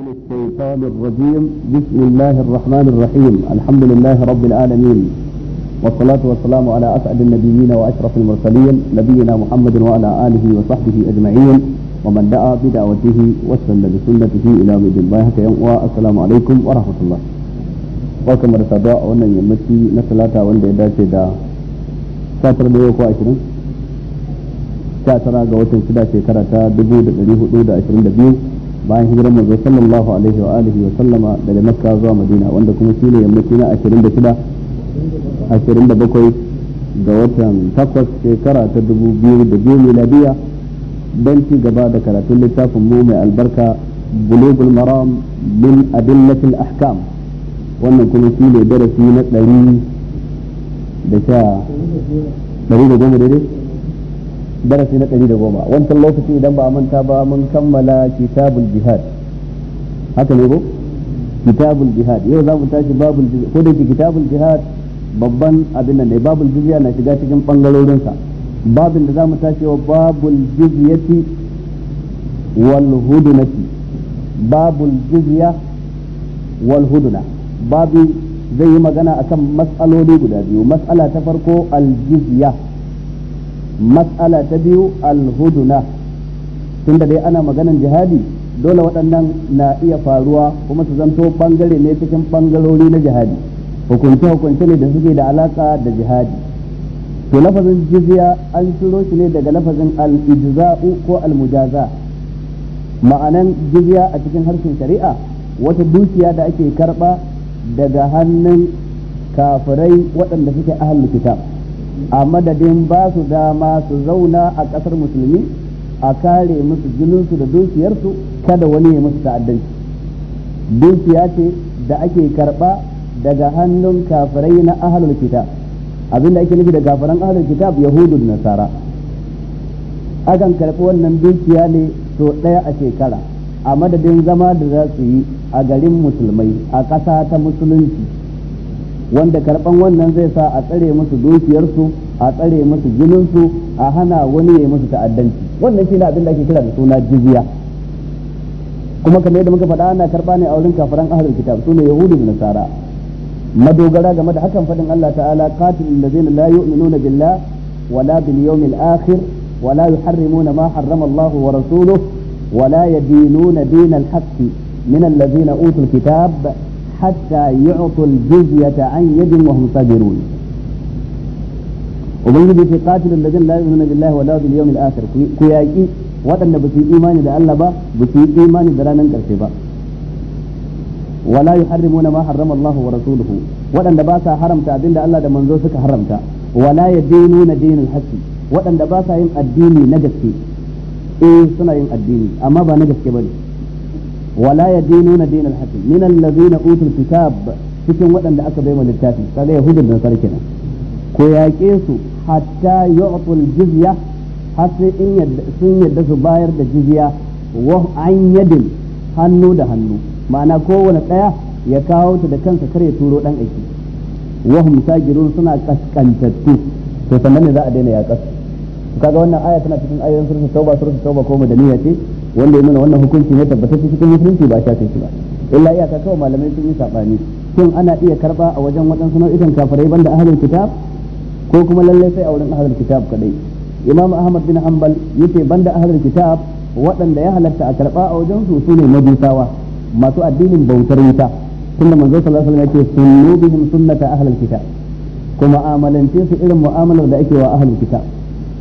من الشيطان الرجيم بسم الله الرحمن الرحيم الحمد لله رب العالمين والصلاة والسلام على أسعد النبيين وأشرف المرسلين نبينا محمد وعلى آله وصحبه أجمعين ومن دعا بدعوته وسن بسنته إلى مد الله والسلام عليكم ورحمة الله barkan da saduwa a wannan yammaci na talata wanda ya dace da satar da yau ko ashirin sha tara ga watan shida shekara ta dubu da ɗari hudu da ashirin da biyu bayan hijirar manzo sallallahu alaihi wa alihi wa sallama daga makka zuwa madina wanda kuma shine yammaci na 26 27 ga watan 8 shekara ta 2002 miladiya dan ci gaba da karatun littafin mu mai albarka bulugul maram min adillatil ahkam wannan kuma shine darasi na 100 da ta 110 daidai darasi na ɗari da goma wancan lokaci idan ba a manta ba mun kammala kitabul jihad haka ne ko kitabul jihad yau za mu tashi babul jihad ko da kitabul jihad babban abin nan ne babul jizya na shiga cikin bangarorin babin da za mu tashi wa babul jizyati wal ki babul jizya wal huduna babi zai yi magana akan mas'aloli guda biyu mas'ala ta farko al jizya mas'ala ta biyu alhuduna tunda dai ana maganan jihadi dole waɗannan na iya faruwa kuma su zanto bangare ne cikin bangarori na jihadi hukunce hukunce ne da suke da alaka da jihadi to lafazin jizya an shiro shi ne daga lafazin al-ijza'u ko al-mujaza ma'anan jizya a cikin harshen shari'a wata dukiya da ake karba daga hannun kafirai waɗanda suke ahlul kitab a madadin ba su dama su zauna a ƙasar musulmi a kare musu jininsu da dukiyarsu kada wani ya musu ta'addanci dukiya ce da ake karɓa daga hannun kafirai na ahlul kitab abinda ake nufi da kafiran ahlul kitab yahudu nasara akan karɓi wannan dukiya ne so ɗaya a shekara a madadin zama da za su yi a garin musulmai a ƙasa ta musulunci wanda karban wannan zai sa a tsare musu dukiyarsu a tsare musu jininsu a hana wani ya yi musu ta'addanci wannan shine abin da ake kira da suna jizya kuma kamar yadda muka faɗa ana karba ne a wurin kafiran ahlul kitab sune yahudu da nasara madogara game da hakan faɗin Allah ta'ala qatilul ladzina la yu'minuna billah wala bil yawmil akhir ولا يحرمون ما حرم wa ورسوله wala يدينون دين الحق من الذين utul kitab hatta yu'tu al-jizyata an yadin wa hum sabirun ubangiji ce qatilul ladina la yu'minuna billahi wa la bil yawmil akhir ku yaki waɗanda ba yi imani da Allah ba ba yi imani da ranar ƙarshe ba wala yuharrimuna ma harrama wa rasuluhu waɗanda ba sa haramta abinda Allah da manzo suka haramta wala yadinuna dinul haqqi waɗanda ba sa yin addini na gaske eh suna yin addini amma ba na gaske ba ne. wala yadinuna dinal haqq min allazina utul kitab cikin waɗanda aka bai wa littafi kaga yahudun da sarki nan ko yaƙe su hatta yu'tul jizya har sai in sun yadda su bayar da jizya wa an yadin hannu da hannu ma'ana kowane ɗaya ya kawo ta da kansa kar ya turo dan aiki wa hum sajirun suna kaskantattu to sannan ne za a daina yaƙa kaga wannan aya tana cikin ayoyin surat tauba surat tauba ko madaniya ce wanda ya nuna wannan hukunci ne tabbatacce cikin musulunci ba a shafe shi ba illa iyaka kawai malamai sun yi sabani shin ana iya karba a wajen waɗansu nau'ikan kafirai banda ahlul kitab ko kuma lallai sai a wurin ahlul kitab kadai imam ahmad bin hanbal yace banda ahlul kitab waɗanda ya halarta a karba a wajen su sune majusawa masu addinin bautar wuta tunda manzo sallallahu alaihi wasallam yake sunnu bihim sunnata ahlul kitab kuma amalance su irin mu'amalar da ake wa ahlul kitab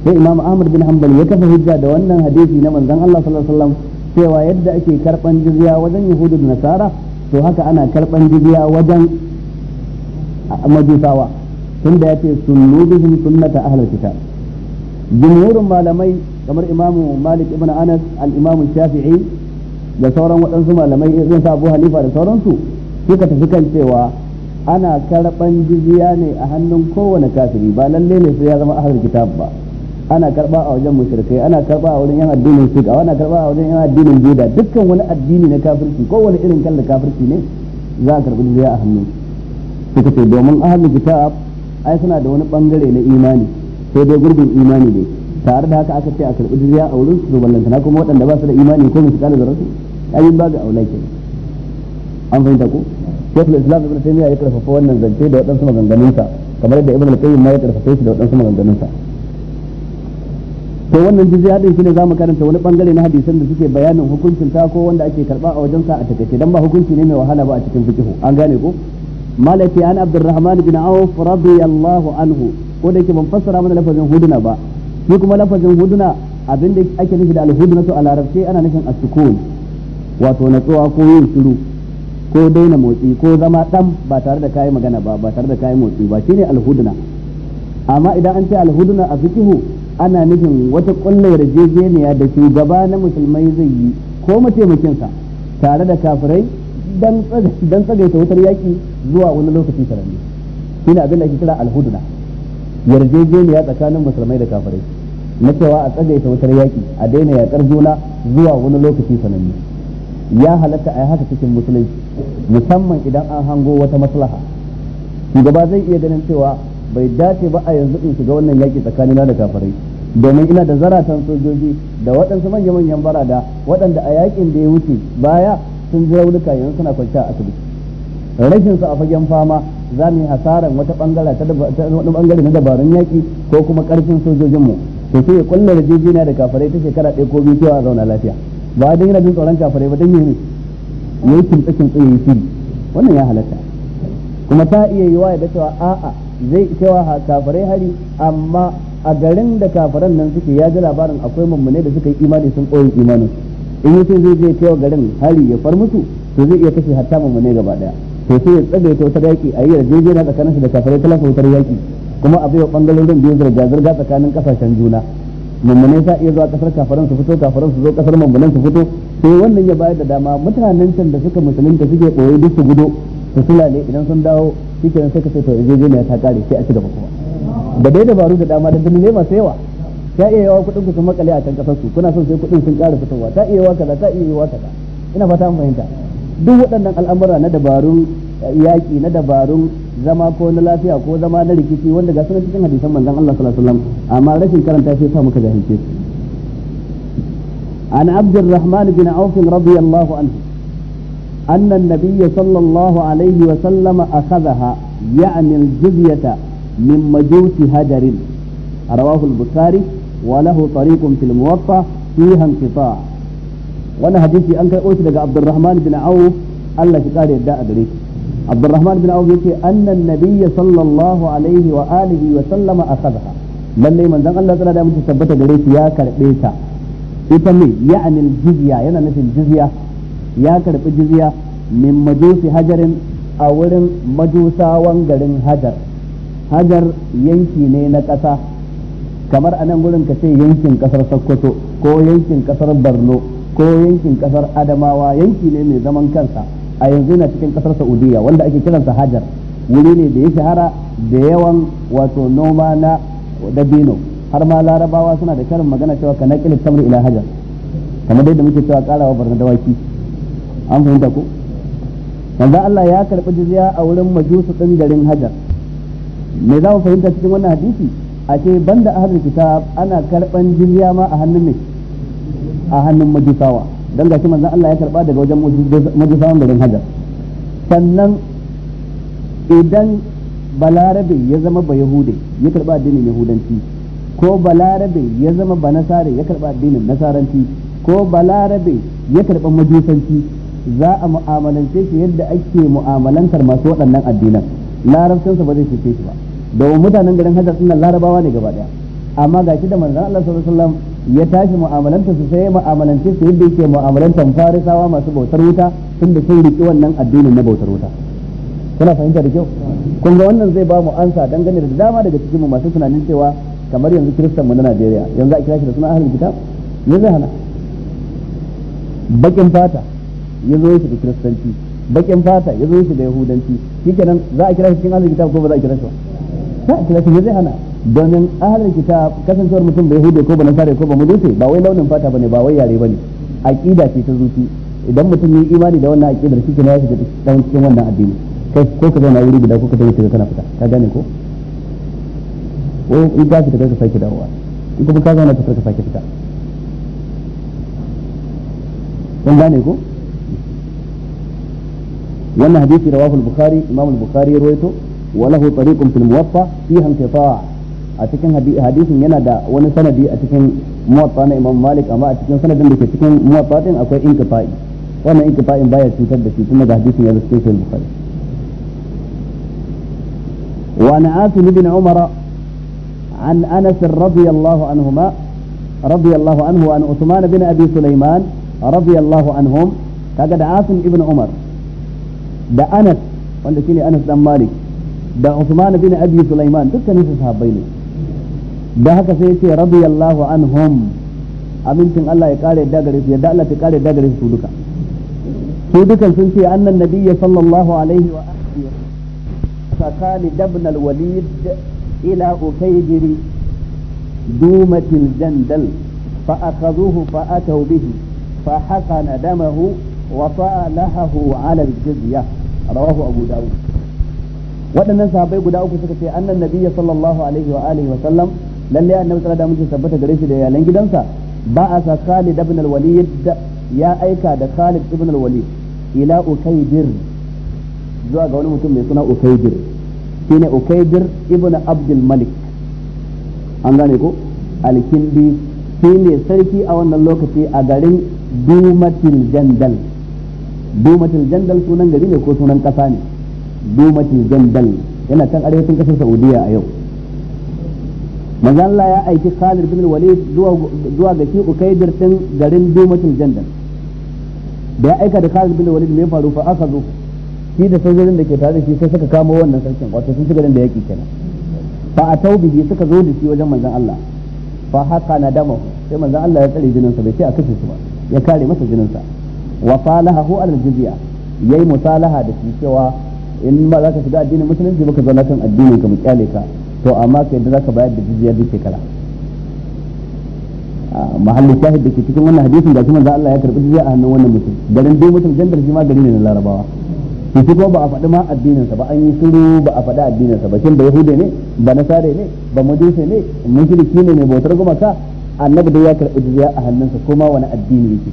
sai imam ahmad bin hanbal ya kafa hujja da wannan hadisi na manzon Allah sallallahu alaihi wasallam cewa yadda ake karban jizya wajen yahudu da nasara to haka ana karban jizya wajen majusawa tunda ya ce bihim sunnata ahlul kitab jumhurin malamai kamar imamu malik ibn anas al-imamu shafi'i da sauran waɗansu malamai irin sa abu halifa da sauransu suka tafi kan cewa ana karban jizya ne a hannun kowane kafiri ba lalle ne sai ya zama ahlul kitab ba ana karba a wajen mushrikai ana karba a wajen yan addinin sikh ana karba a wajen yan addinin juda dukkan wani addini na kafirci ko wani irin kallon kafirci ne za a karbi jizya a hannu suka ce domin ahlul kitab ai suna da wani bangare na imani sai dai gurbin imani ne tare da haka aka ce a karbi jizya a wurin su ballantana kuma waɗanda ba su da imani ko musu kana zarafi ayin ba ga aulai an fahimta ko shekul islam ibn taymiya ya karfafa wannan zance da waɗansu maganganunsa kamar da ibn al-qayyim ma ya karfafa shi da waɗansu maganganunsa to wannan jizya din shine zamu karanta wani bangare na hadisan da suke bayanin hukuncin ta ko wanda ake karba a wajen sa a takaice dan ba hukunci ne mai wahala ba a cikin fikihu an gane ko malaki an abdurrahman bin auf radiyallahu anhu ko da yake ban fassara mana lafazin huduna ba shi kuma lafazin huduna abin da ake nufi da alhuduna to a larabce ana nufin as-sukun wato natsuwa ko yin shiru ko daina motsi ko zama ɗan ba tare da kayi magana ba ba tare da kayi motsi ba shine alhuduna amma idan an ce alhuduna a fikihu ana nufin wata kullayar yarjejeniya da gaba na musulmai zai yi ko mataimakinsa tare da kafirai dan tsagaita wutar yaki zuwa wani lokaci sarari suna abin da ake kira alhuduna yarjejeniya tsakanin musulmai da kafirai na cewa a tsagaita wutar yaki a daina yakar juna zuwa wani lokaci sananne ya halatta a yi haka cikin musulunci musamman idan an hango wata maslaha shugaba zai iya ganin cewa bai dace ba a yanzu in shiga wannan yaki tsakanina da kafirai domin ina da zaratan sojoji da waɗansu manya-manyan barada waɗanda a yakin da ya wuce baya sun ji raunuka yanzu suna kwanciya a asibiti rashin su a fagen fama za mu yi hasaran wata bangare ta wani bangare na dabarun yaki ko kuma karfin sojojinmu to sai ya kulla da da kafarai ta shekara ɗaya ko biyu cewa a zauna lafiya ba dan yana jin tsoron kafarai ba dan yi ne yayi kimtsa kimtsa shiri wannan ya halatta kuma ta iya yiwa ya da cewa a'a zai cewa kafarai hari amma a garin da kafiran nan suke ya ji labarin akwai mummune da suka yi imani sun koyi imanin in sun zai je wa garin hari ya far mutu to zai iya kashe hatta mummune gaba daya to sai ya tsaga ta wata yaki a yi yarjejeniya tsakanin su da kafirai talaka wutar yaki kuma a bai wa bangarorin biyu zirga zirga tsakanin kasashen juna mummune sa iya zuwa kasar kafiran su fito kafiran su zo kasar mummunan su fito sai wannan ya bayar da dama mutanen can da suka musulunta suke ɓoye duk su gudu su sulale idan sun dawo shi kenan sai ka ce to yarjejeniya ta kare sai a ci gaba kuma da dai dabaru da dama da dalilai masu yawa ta iya yawa kudin ku sun makale a can kasar su kuna son sai kudin sun ƙara fitowa ta iya yawa kaza ta iya yawa kaza ina fata an fahimta duk waɗannan al'amura na dabarun eh, yaƙi na dabarun zama ko na lafiya ko zama na rikici wanda ga suna cikin hadisan manzon Allah sallallahu alaihi wasallam amma rashin karanta sai sa muka jahilce su an rahman bin Auf radiyallahu anhu أن النبي صلى الله عليه وسلم أخذها يعني الجزية من مجوس هجر رواه البخاري وله طريق في الموطأ فيها انقطاع وانا حديثي أنك قلت لك عبد الرحمن بن عوف الله قال يدعى دريك عبد الرحمن بن عوف يقول أن النبي صلى الله عليه وآله وسلم أخذها lalle manzon Allah tsara da mutu tabbata gare shi ya karbe ta ita ne ya'anil jizya yana nufin jizya ya karbi jizya min majusi hajarin a wurin majusawan garin hajar hajar yanki ne na ƙasa kamar a nan gurin ka ce yankin ƙasar sokoto ko yankin ƙasar borno ko yankin ƙasar adamawa yanki ne mai zaman kansa a yanzu yana cikin ƙasar saudiya wanda ake kiransa hajar wuri ne da ya shahara da yawan wato noma na dabino har ma larabawa suna da karin magana cewa ka kila tamri ila hajar kamar dai da muke cewa karawa barna dawaki an fahimta ko manzo Allah ya karɓi jizya a wurin majusu ɗin garin hajar me za mu fahimta cikin wannan hadisi a ce banda ahlul kitab ana karban jirya ma a hannun ne a hannun majusawa dan gashi manzon Allah ya karba daga wajen majusawan garin Hajar sannan idan balarabe ya zama ba yahude ya karba addinin yahudanci ko balarabe ya zama ba nasare ya karba addinin nasaranci ko balarabe ya karba majusanci za a mu'amalance shi yadda ake mu'amalantar masu waɗannan addinan larabcinsa ba zai cece shi ba domin mutanen garin hajar suna larabawa ne gaba daya amma ga shi da manzan Allah sallallahu alaihi wasallam ya tashi mu'amalanta su sai mu'amalance su yadda yake mu'amalantan farisawa masu bautar wuta tun da sun riƙi wannan addinin na bautar wuta kuna fahimta da kyau kun ga wannan zai ba mu ansa dangane da dama daga cikin mu masu tunanin cewa kamar yanzu kiristan mu na Najeriya yanzu a kira shi da suna ahlul kitab me zai hana bakin fata ya zo ya shiga kiristanci bakin fata ya zo shi da yahudanci kenan za a kira shi cikin ahalar kitab ko ba za a kira shi ba za a kira shi zai hana domin ahalar kitab kasancewar mutum da yahudai ko ba nasara ko ba mulusi ba wai launin fata bane ba wai yare bane aqida ce ta zuci idan mutum yi imani da wannan aqidar shi kenan ya shiga dan cikin wannan addini kai ko ka zauna wuri guda ko ka tafi kana fita ka gane ko wai in ka fita ka sake dawowa in kuma ka zauna ka sake fita kun gane ko wannan hadisi rawahu al-bukhari imam al-bukhari ya rawaito wa lahu tariqun fil muwatta a cikin hadisin yana da wani sanadi a cikin muwatta na imam malik amma a cikin sanadin da ke cikin muwatta din akwai inqifa'i wannan inqifa'in baya cutar da shi tunda ya zuke shi al-bukhari wa na asim ibn umar an anas radiyallahu anhuma radiyallahu anhu an usman bin abi sulaiman radiyallahu anhum kaga da asim ibn umar da Anas wanda shine Anas dan Malik da Usman bin Abi Sulaiman dukkanin su sahabbai ne da haka sai yace radiyallahu anhum amincin Allah ya kare da gare su yadda Allah ta kare yadda gare su duka su dukan sun ce annan nabiyya sallallahu alaihi wa alihi sakali dabn al-walid ila ukaydiri dumatil jandal فأخذوه فأتوا به فحقن دمه وطأ لحه على الجزية rawahu abu dawud waɗannan sahabbai guda uku suka ce annan nabiyya sallallahu alaihi wa alihi wa sallam lalle annabi sallallahu alaihi wa tabbata gare shi da iyalan gidansa ba a sa Khalid ibn al-Walid ya aika da Khalid ibn al-Walid ila Ukaidir zuwa ga wani mutum mai suna Ukaidir shine Ukaidir ibn Abdul Malik an gane ko alkindi shine sarki a wannan lokaci a garin Dumatil Jandal dumatul jandal sunan gari ne ko sunan kasa ne dumatul jandal yana kan arewacin kasar saudiya a yau manzo ya aiki Khalid bin Walid zuwa ga shi Ukaidir din garin dumatul jandal da ya aika da Khalid bin Walid mai faru fa aka zo shi da sojojin da ke tare da shi sai suka kamo wannan sarkin wato sun shiga da yaki kenan fa a bihi suka zo da shi wajen manzan Allah fa haka na dama sai manzan Allah ya tsare jinin sa bai ce a kashe su ba ya kare masa jinin sa wa hu al jizya yayi musalaha da shi cewa in ba za ka shiga addinin musulunci ba ka zauna kan addinin ka mu kyale ka to amma kai da za zaka bayar da jizya duk kala mahallin shahid da ke cikin wannan hadisin da kuma za Allah ya karbi jizya a hannun wannan mutum garin dai mutum jandar shi ma gari ne na larabawa to shi kuma ba a faɗi ma addinin sa ba an yi shiru ba a faɗi addinin sa ba kin ba yahude ne ba nasare ne ba majusi ne mushriki ne mai bautar gumaka annabi dai ya karbi jizya a hannunsa ma wani addini yake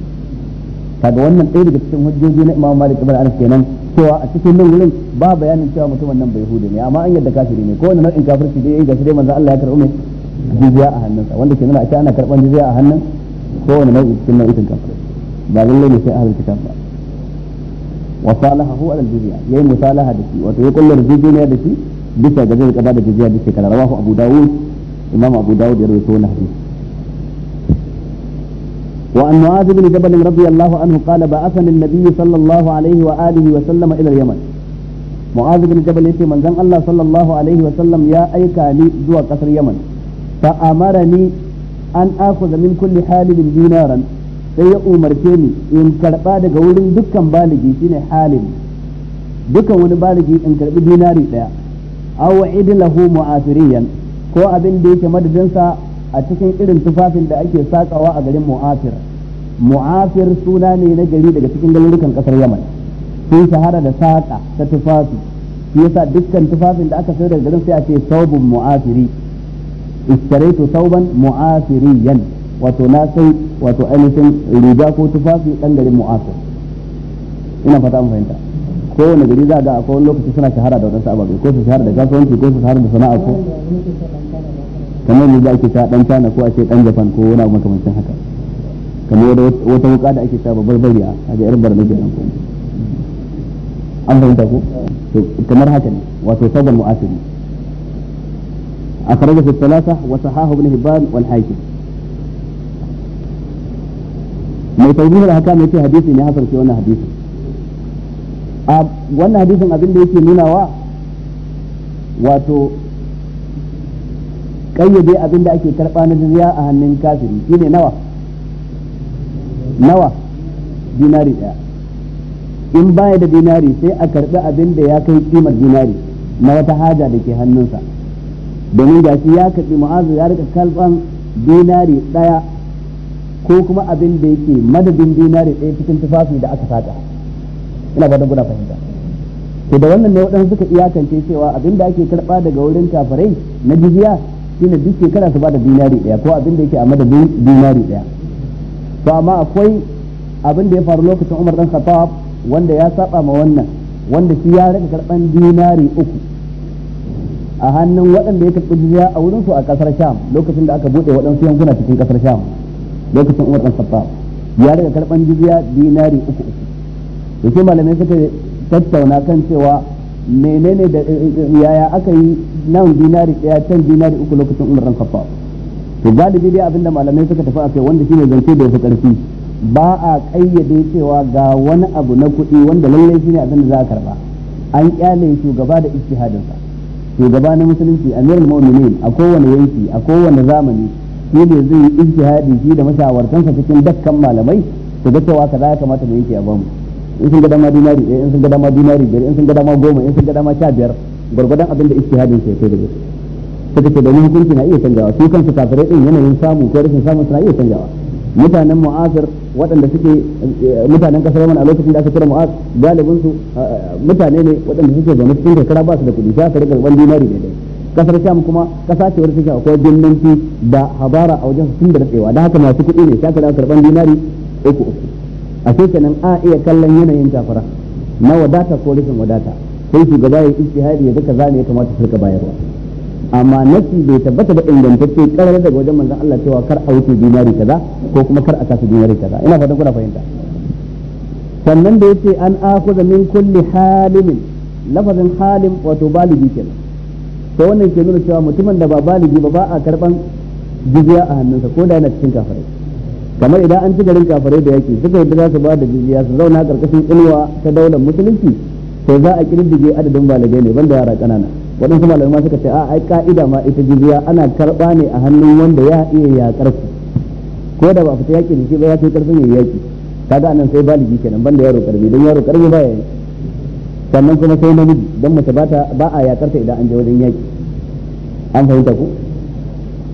kaga wannan ɗaya daga cikin hujjoji na Imam Malik ibn Anas kenan cewa a cikin nan wurin ba bayanin cewa mutumin nan bai hudu ne amma an yadda kafiri ne ko wannan nau'in kafirci dai yayi gashi dai manzo Allah ya karɓi mai jizya a hannunsa wanda ke nuna a ana karɓan jizya a hannun kowane nau'in cikin nau'in kafir ba lallai ne sai ahlul kitab ba wa salahahu ala al-jizya yayi musalaha da shi wato ya kullar jizya da shi bisa ga zai kada da jizya da shekara rawahu Abu Dawud Imam Abu Dawud ya rawaito wannan hadisi وعن معاذ بن جبل رضي الله عنه قال بعثني النبي صلى الله عليه وآله وسلم إلى اليمن معاذ بن جبل يتي من زن الله صلى الله عليه وسلم يا أيكاني زوى قصر يمن فأمرني أن آخذ من كل حالب دينارا sai ya umarce ni in karba daga wurin dukkan baligi shine halin dukkan wani baligi in karbi dinari daya aw idlahu mu'afiriyan ko abin da yake madadinsa a cikin irin tufafin da ake sakawa a garin mu'afir mu'afir suna ne na gari daga cikin garurukan kasar yaman sun shahara da saƙa ta tufafi shi yasa dukkan tufafin da aka sayar daga garin sai a ce saubun mu'afiri istaraitu sauban mu'afiriyan wato na sai wato ainihin riga ko tufafi dan garin mu'afir ina fata an fahimta ko wani gari za ga akwai lokaci suna shahara da wadansu ababe ko su shahara da kasuwanci ko su shahara da sana'a ko kamar yanzu ake ta dan tana ko a ce dan Japan ko wani abu makamancin haka kamar wata wuka da ake saba barbari a da irin barna kenan kuma an fahimta ko kamar haka ne wato saban mu'asiri da fi thalatha wa sahahu ibn hibban wal hakim mai tawjih al hakam yace hadisi ne hasan sai wannan hadisi a wannan hadisin abin da yake nunawa wato kayyade abin da ake karba na jizya a hannun kafiri shine nawa nawa dinari daya in baya da dinari sai a karbi abin da ya kai kimar dinari na wata haja da ke hannunsa domin shi ya karbi mu'azu ya rika kalban dinari ɗaya ko kuma abin da yake madadin dinari daya cikin tufafi da aka saka ina don guda fahimta to da wannan ne waɗansu suka iyakance cewa abin da ake karɓa daga wurin kafirai na jizya shine duk shekara su bada dinari daya ko abin da yake a madadin dinari daya to amma akwai abin da ya faru lokacin Umar dan Khattab wanda ya saba ma wannan wanda shi ya rika karban dinari uku a hannun waɗanda ya karɓi jiya a wurin su a kasar Sham lokacin da aka bude waɗansu yankuna cikin kasar Sham lokacin Umar dan Khattab ya rika karban jiya dinari uku uku to malamai suka tattauna kan cewa menene da yaya aka yi nan dinari ɗaya can dinari uku lokacin Umar dan Khattab to galibi dai abinda malamai suka tafi a kai wanda shine zance da yafi karfi ba a kayyade cewa ga wani abu na kuɗi wanda lalle shine abin da za a karba an kyale shugaba da ijtihadin sa shugaba na musulunci amirul mu'minin a kowane yanki a kowane zamani shi ne zai yi ijtihadi shi da mashawartansa cikin dakkan malamai su ga cewa kaza ya kamata mu yanki a bamu in sun ga dama dinari in sun ga dama dinari biyar in sun ga dama goma in sun ga dama sha biyar gwargwadon abin da ijtihadin sa ya kai da gaske ta da domin hukunci na iya canjawa su kansu kafirai din yanayin samu ko rashin samu suna iya canjawa mutanen mu'asir waɗanda suke eh, mutanen kasar Yaman a lokacin da aka kira mu'as galibin su eh, mutane ne waɗanda suke zaune cikin karkara ba su da kuɗi sai aka rika ban dinari daidai kasar sham kuma kasa ce wadda take akwai binnanci da habara a wajen tun da tsewa da haka masu kuɗi ne sai aka rika karban dinari uku uku a kenan a iya kallon yanayin kafara na wadata ko rashin wadata sai shugaba ya yi ijtihadi ya ga zane ya kamata su rika bayarwa amma nafi bai tabbata da ingantacce karar daga wajen manzon Allah cewa kar a wuce dinari kaza ko kuma kar a kasa dinari kaza ina fatan kuna fahimta sannan da yace an akhudha min kulli halimin lafazin halim wato baligi kenan to wannan ke nuna cewa mutumin da ba baligi ba ba a karban jizya a hannunsa ko da yana cikin kafirai kamar idan an ci garin kafirai da yaki suka yadda za su ba da jizya su zauna karkashin inuwa ta daular musulunci to za a kirdige adadin baligai ne ban banda yara kanana waɗansu malamai suka ce a ai ka'ida ma ita jizya ana karɓa ne a hannun wanda ya iya yaƙar ku ko da ba fita yaƙi da shi ba ya kai ƙarfin yayi yaƙi kaga anan sai baligi kenan banda yaro karbi don yaro karbi ba ya yi sannan kuma sai namiji don mace ba ta ba a yaƙar ta idan an je wajen yaƙi an fahimta ku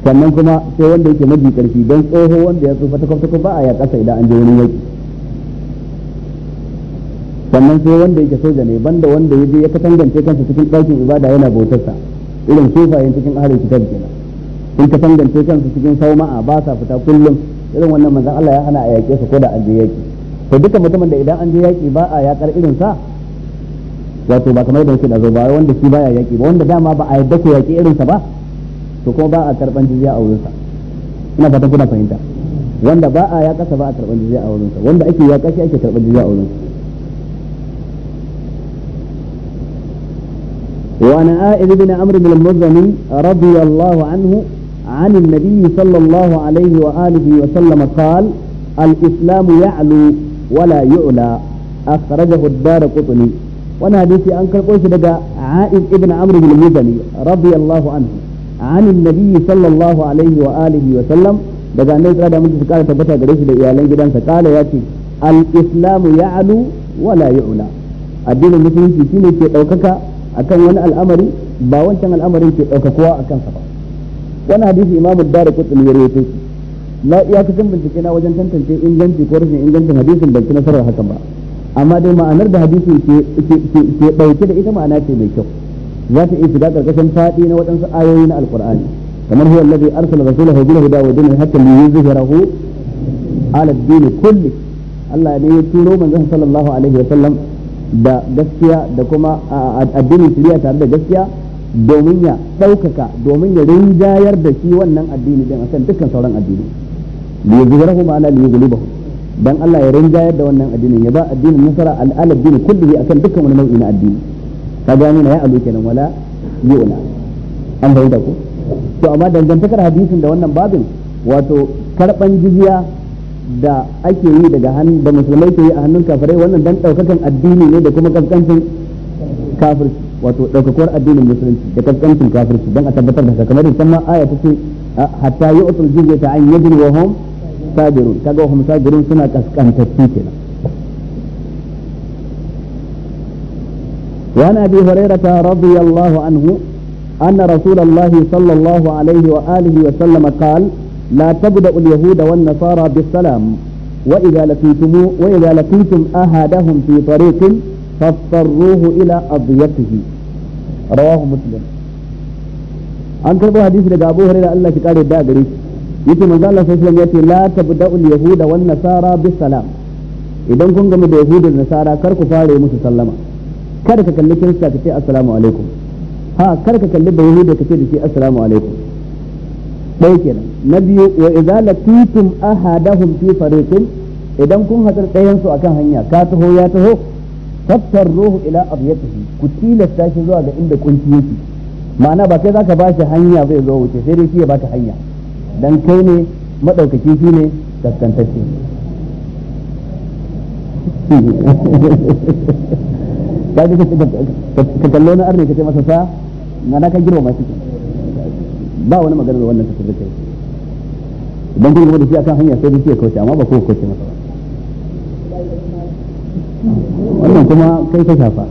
sannan kuma sai wanda yake maji ƙarfi don tsoho wanda ya tsufa ta kwafta ba a yaƙar sa idan an je wajen yaƙi sannan sai wanda yake soja ne banda wanda ya je ya katangance kansa cikin ɗakin ibada yana bautarsa irin sufayen cikin ahalin kitab kenan in ka tangance kansu cikin sauma'a ba sa fita kullum irin wannan manzon Allah ya hana a yaƙe su ko da an je yaƙi to duka mutumin da idan an je yaƙi ba a yaƙar irin sa wato ba kamar da yake da ba wanda shi baya yaƙi ba wanda dama ba a yadda ku yaƙi irin sa ba to kuma ba a karban jizya a wurin sa ina fatan kuna fahimta wanda ba a yaƙa sa ba a karban jizya a wurin sa wanda ake yaƙa shi ake karban jizya a wurin sa وعن عائد بن عمرو بن المزني رضي الله عنه عن النبي صلى الله عليه وآله وسلم قال الإسلام يعلو ولا يعلى أخرجه الدار قطني وانا حديثي أنكر قلت لدى عائد بن عمرو بن المزني رضي الله عنه عن النبي صلى الله عليه وآله وسلم daga annabi tsada mun su kara tabbata gare shi da iyalan gidansa kala ya ce al-islamu ya'lu wa la yu'la addinin musulunci shine ke daukaka akan wani al'amari ba wancan al'amarin ke ɗauka kowa a kansa ba wani hadisi imamu dara kutsul ya rawaito shi na kusan bincike na wajen tantance inganci ko rashin ingancin hadisin ban ci nasarar hakan ba amma dai ma'anar da hadisin ke ɗauke da ita ma'ana ce mai kyau za ta iya shiga ƙarƙashin faɗi na waɗansu ayoyi na alƙur'ani kamar huwa allazi arsala rasulahu bil huda wa dinil haqqi yuzhirahu ala ad-din kulli Allah ne ya turo manzon sallallahu alaihi wa sallam da gaskiya da kuma addinin shari'a tare da gaskiya domin ya ɗaukaka domin ya rinjayar da shi wannan addini din akan dukkan sauran addini zuwa kuma ana liyu yughlibahu dan Allah ya rinjayar da wannan addinin ya ba addinin nasara al'al addini kullihi akan dukkan wani nau'i na addini gani na ya alu kenan wala yu'la an fahimta ku to amma dangantakar hadisin da wannan babin wato karban jizya da ake yi daga hannun da musulmai ke yi a hannun kafirai wannan dan daukakan addini ne da kuma kaskancin kafirci wato daukakuwar addinin musulunci da kaskancin kafirci dan a tabbatar da haka kamar yadda ma aya ce ah, hatta yu'tul ta an yadin wa hum sabirun kaga wa hum sabirun suna kaskantacci kenan وعن ابي هريره رضي الله عنه ان رسول الله صلى الله عليه واله وسلم قال la da al-yahuda wan nasara bis-salam wa idza laqitum wa idza laqitum ahadahum fi tariqin fasfarruhu ila adiyatihi rawahu muslim an karbo hadisi daga Abu Hurairah Allah shi kare da gare shi yace manzo Allah sallallahu alaihi wasallam yace la tabda'u al-yahuda wan nasara bis-salam idan kun gama da yahudu da nasara kar ku fare musu sallama ka kalli kirista ka ce assalamu ha kar ka kalli da shi ɗaya kenan na biyu wa idza laqitum ahadahum fi fariqin idan kun hatsar ɗayan su akan hanya ka taho ya taho fattar ruhu ila abyatihi ku tilasta shi zuwa ga inda kunci yake ma'ana ba kai zaka ba shi hanya zai zo wuce sai dai shi ya baka hanya dan kai ne madaukaki shi ne kaskantacce ka kallo na arne ka ce masa sa na ka girma shi ba wani magana da wannan tafiyar kai idan kun gaba da shi akan hanya sai dai ya kauce amma ba ko kauce masa wannan kuma kai ka shafa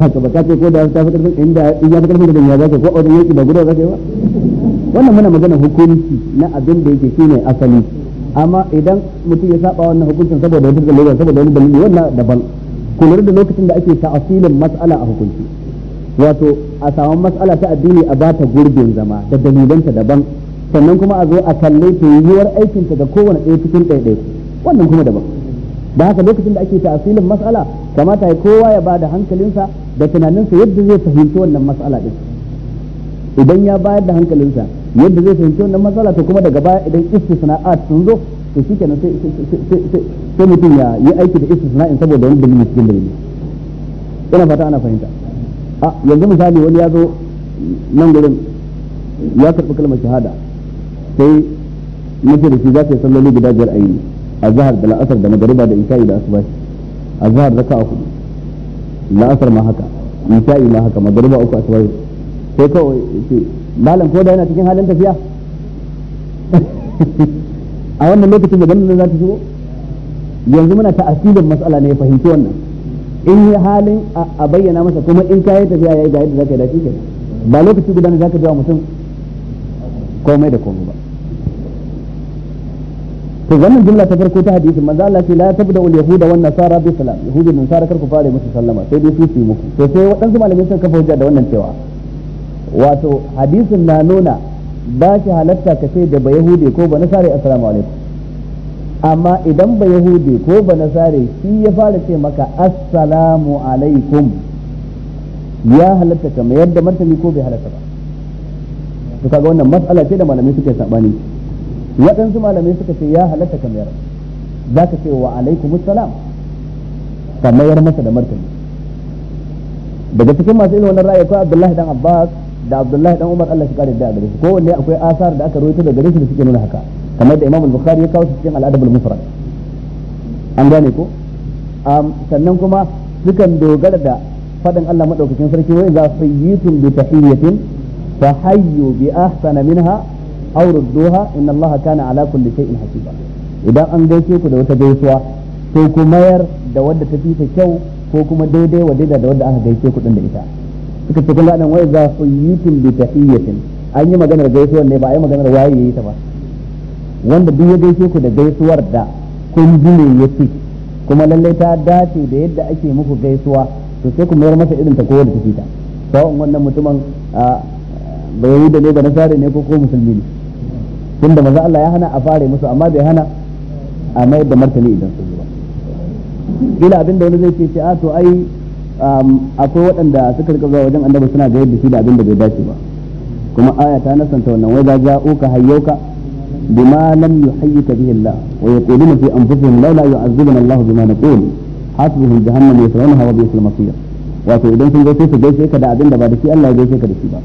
haka ba ka ce ko da ta fi karfin inda in ya fi karfin da ya zaka ko a wajen yaki ba gudu zaka yi ba wannan muna magana hukunci na abin da yake shine asali amma idan mutum ya saba wannan hukuncin saboda wani dalilin saboda wani dalili wannan daban ku da lokacin da ake ta'asilin mas'ala a hukunci wato a samu matsala ta addini a bata gurbin zama da dalilanta daban sannan kuma a zo a kalle ta yiwuwar aikinta ga kowane ɗaya cikin ɗaiɗai wannan kuma daban da haka lokacin da ake ta tasirin mas'ala kamata ya kowa ya ba da hankalinsa da tunaninsa yadda zai fahimci wannan mas'ala ɗin idan ya bayar da hankalinsa yadda zai fahimci wannan mas'ala to kuma daga baya idan istisna'at sun zo to shi sai sai mutum ya yi aiki da istisna'in saboda wani dalili cikin dalili ina fata ana fahimta a yanzu misali wani ya zo nan gurin ya karɓi kalmar shahada sai mace da shi za ta yi salloli guda biyar a yi a zahar da la'asar da magariba da isha'i da asubahi a zahar raka a kudu la'asar ma haka isha'i ma haka magariba uku asubahi sai kawai ce malam ko da yana cikin halin tafiya a wannan lokacin da ganin za ta shigo yanzu muna ta asirin matsala ne ya fahimci wannan in yi halin a bayyana masa kuma in kayan tafiya yayi ga yadda zaka yi da shi ba lokaci gudanar za zaka ji mutum komai da komai ba to wannan jumla ta farko ta hadisi manzo Allah ce la tabda ul yahuda wan nasara bi salam yahudu da nasara kar ku fara musu sallama sai dai su yi muku to sai waɗansu malamai sun kafa hujja da wannan cewa wato hadisin na nuna ba shi halatta ka ce da ba yahudi ko ba nasara assalamu alaikum amma idan ba yahudi ko ba nasare shi ya fara ce maka assalamu alaikum ya halatta ka mayar da martani ko bai halatta ba to kaga wannan matsala ce da malamai suke sabani waɗansu malamai suka ce ya halatta ka mayar za ka ce wa alaikum salam ka mayar masa da martani daga cikin masu ilimin wannan ra'ayi akwai Abdullahi dan Abbas da Abdullahi dan Umar Allah shi kare da gare shi kowanne akwai asar da aka rawaito daga gare shi da suke nuna haka kamar da Imam al-Bukhari ya kawo cikin al al-Mufrad an gane ko sannan kuma sukan dogara da fadin Allah madaukakin sarki su yi tun bi tahiyatin fa hayyu bi ahsana minha aw rudduha inna Allah kana ala kulli shay'in hasiba idan an gaishe ku da wata gaisuwa to ku mayar da wadda ta fi ta kyau ko kuma daidai wa daidai da wadda aka gaishe ku din da ita suka ce kun ga nan su yi tun bi tahiyatin an yi maganar gaisuwar ne ba a yi maganar waye yayi ta ba wanda duk ya gaishe ku da gaisuwar da kun ji ya yace kuma lallai ta dace da yadda ake muku gaisuwa to sai ku mayar masa irin ta kowa da take ta sawa'un wannan mutumin a bayani da ne ba nasare ne ko ko musulmi ne tunda maza Allah ya hana a fare musu amma bai hana a mayar da martani idan sun yi ba kila abin da wani zai ce a to ai akwai waɗanda suka rika zuwa wajen annabi suna ga yadda shi da abin da bai dace ba kuma aya ta nasanta wannan wai ga ja'uka hayyauka بما لم يحيك به الله ويقولون في أنفسهم لولا يعذبنا الله بما نقول حسبهم جهنم يصلونها وبئس المصير wato idan sun zo su gaishe ka da abin da ba da shi Allah ya gaishe ka da shi ba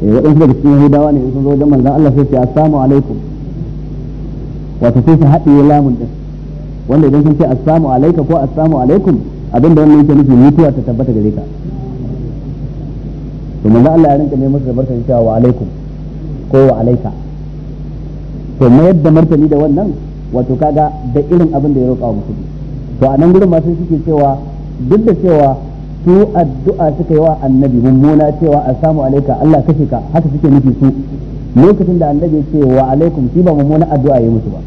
eh waɗansu daga cikin Yahudawa ne sun zo wajen manzon Allah sai su assalamu alaikum wato sai su haɗe lamun din wanda idan sun ce assalamu alaika ko assalamu alaikum abin da wannan yake nufi mutuwa ta tabbata gare ka to manzon Allah ya rinka ne musu da barka cewa wa alaikum ko wa alaika to na yadda martani da wannan wato kaga da irin abin da ya roƙa wa musulmi to a nan gurin masu suke cewa duk da cewa su addu'a suka yi wa annabi mummuna cewa assalamu alaika Allah kashe ka haka suke nufi su lokacin da annabi ya ce wa alaikum shi ba mummuna addu'a ya musu ba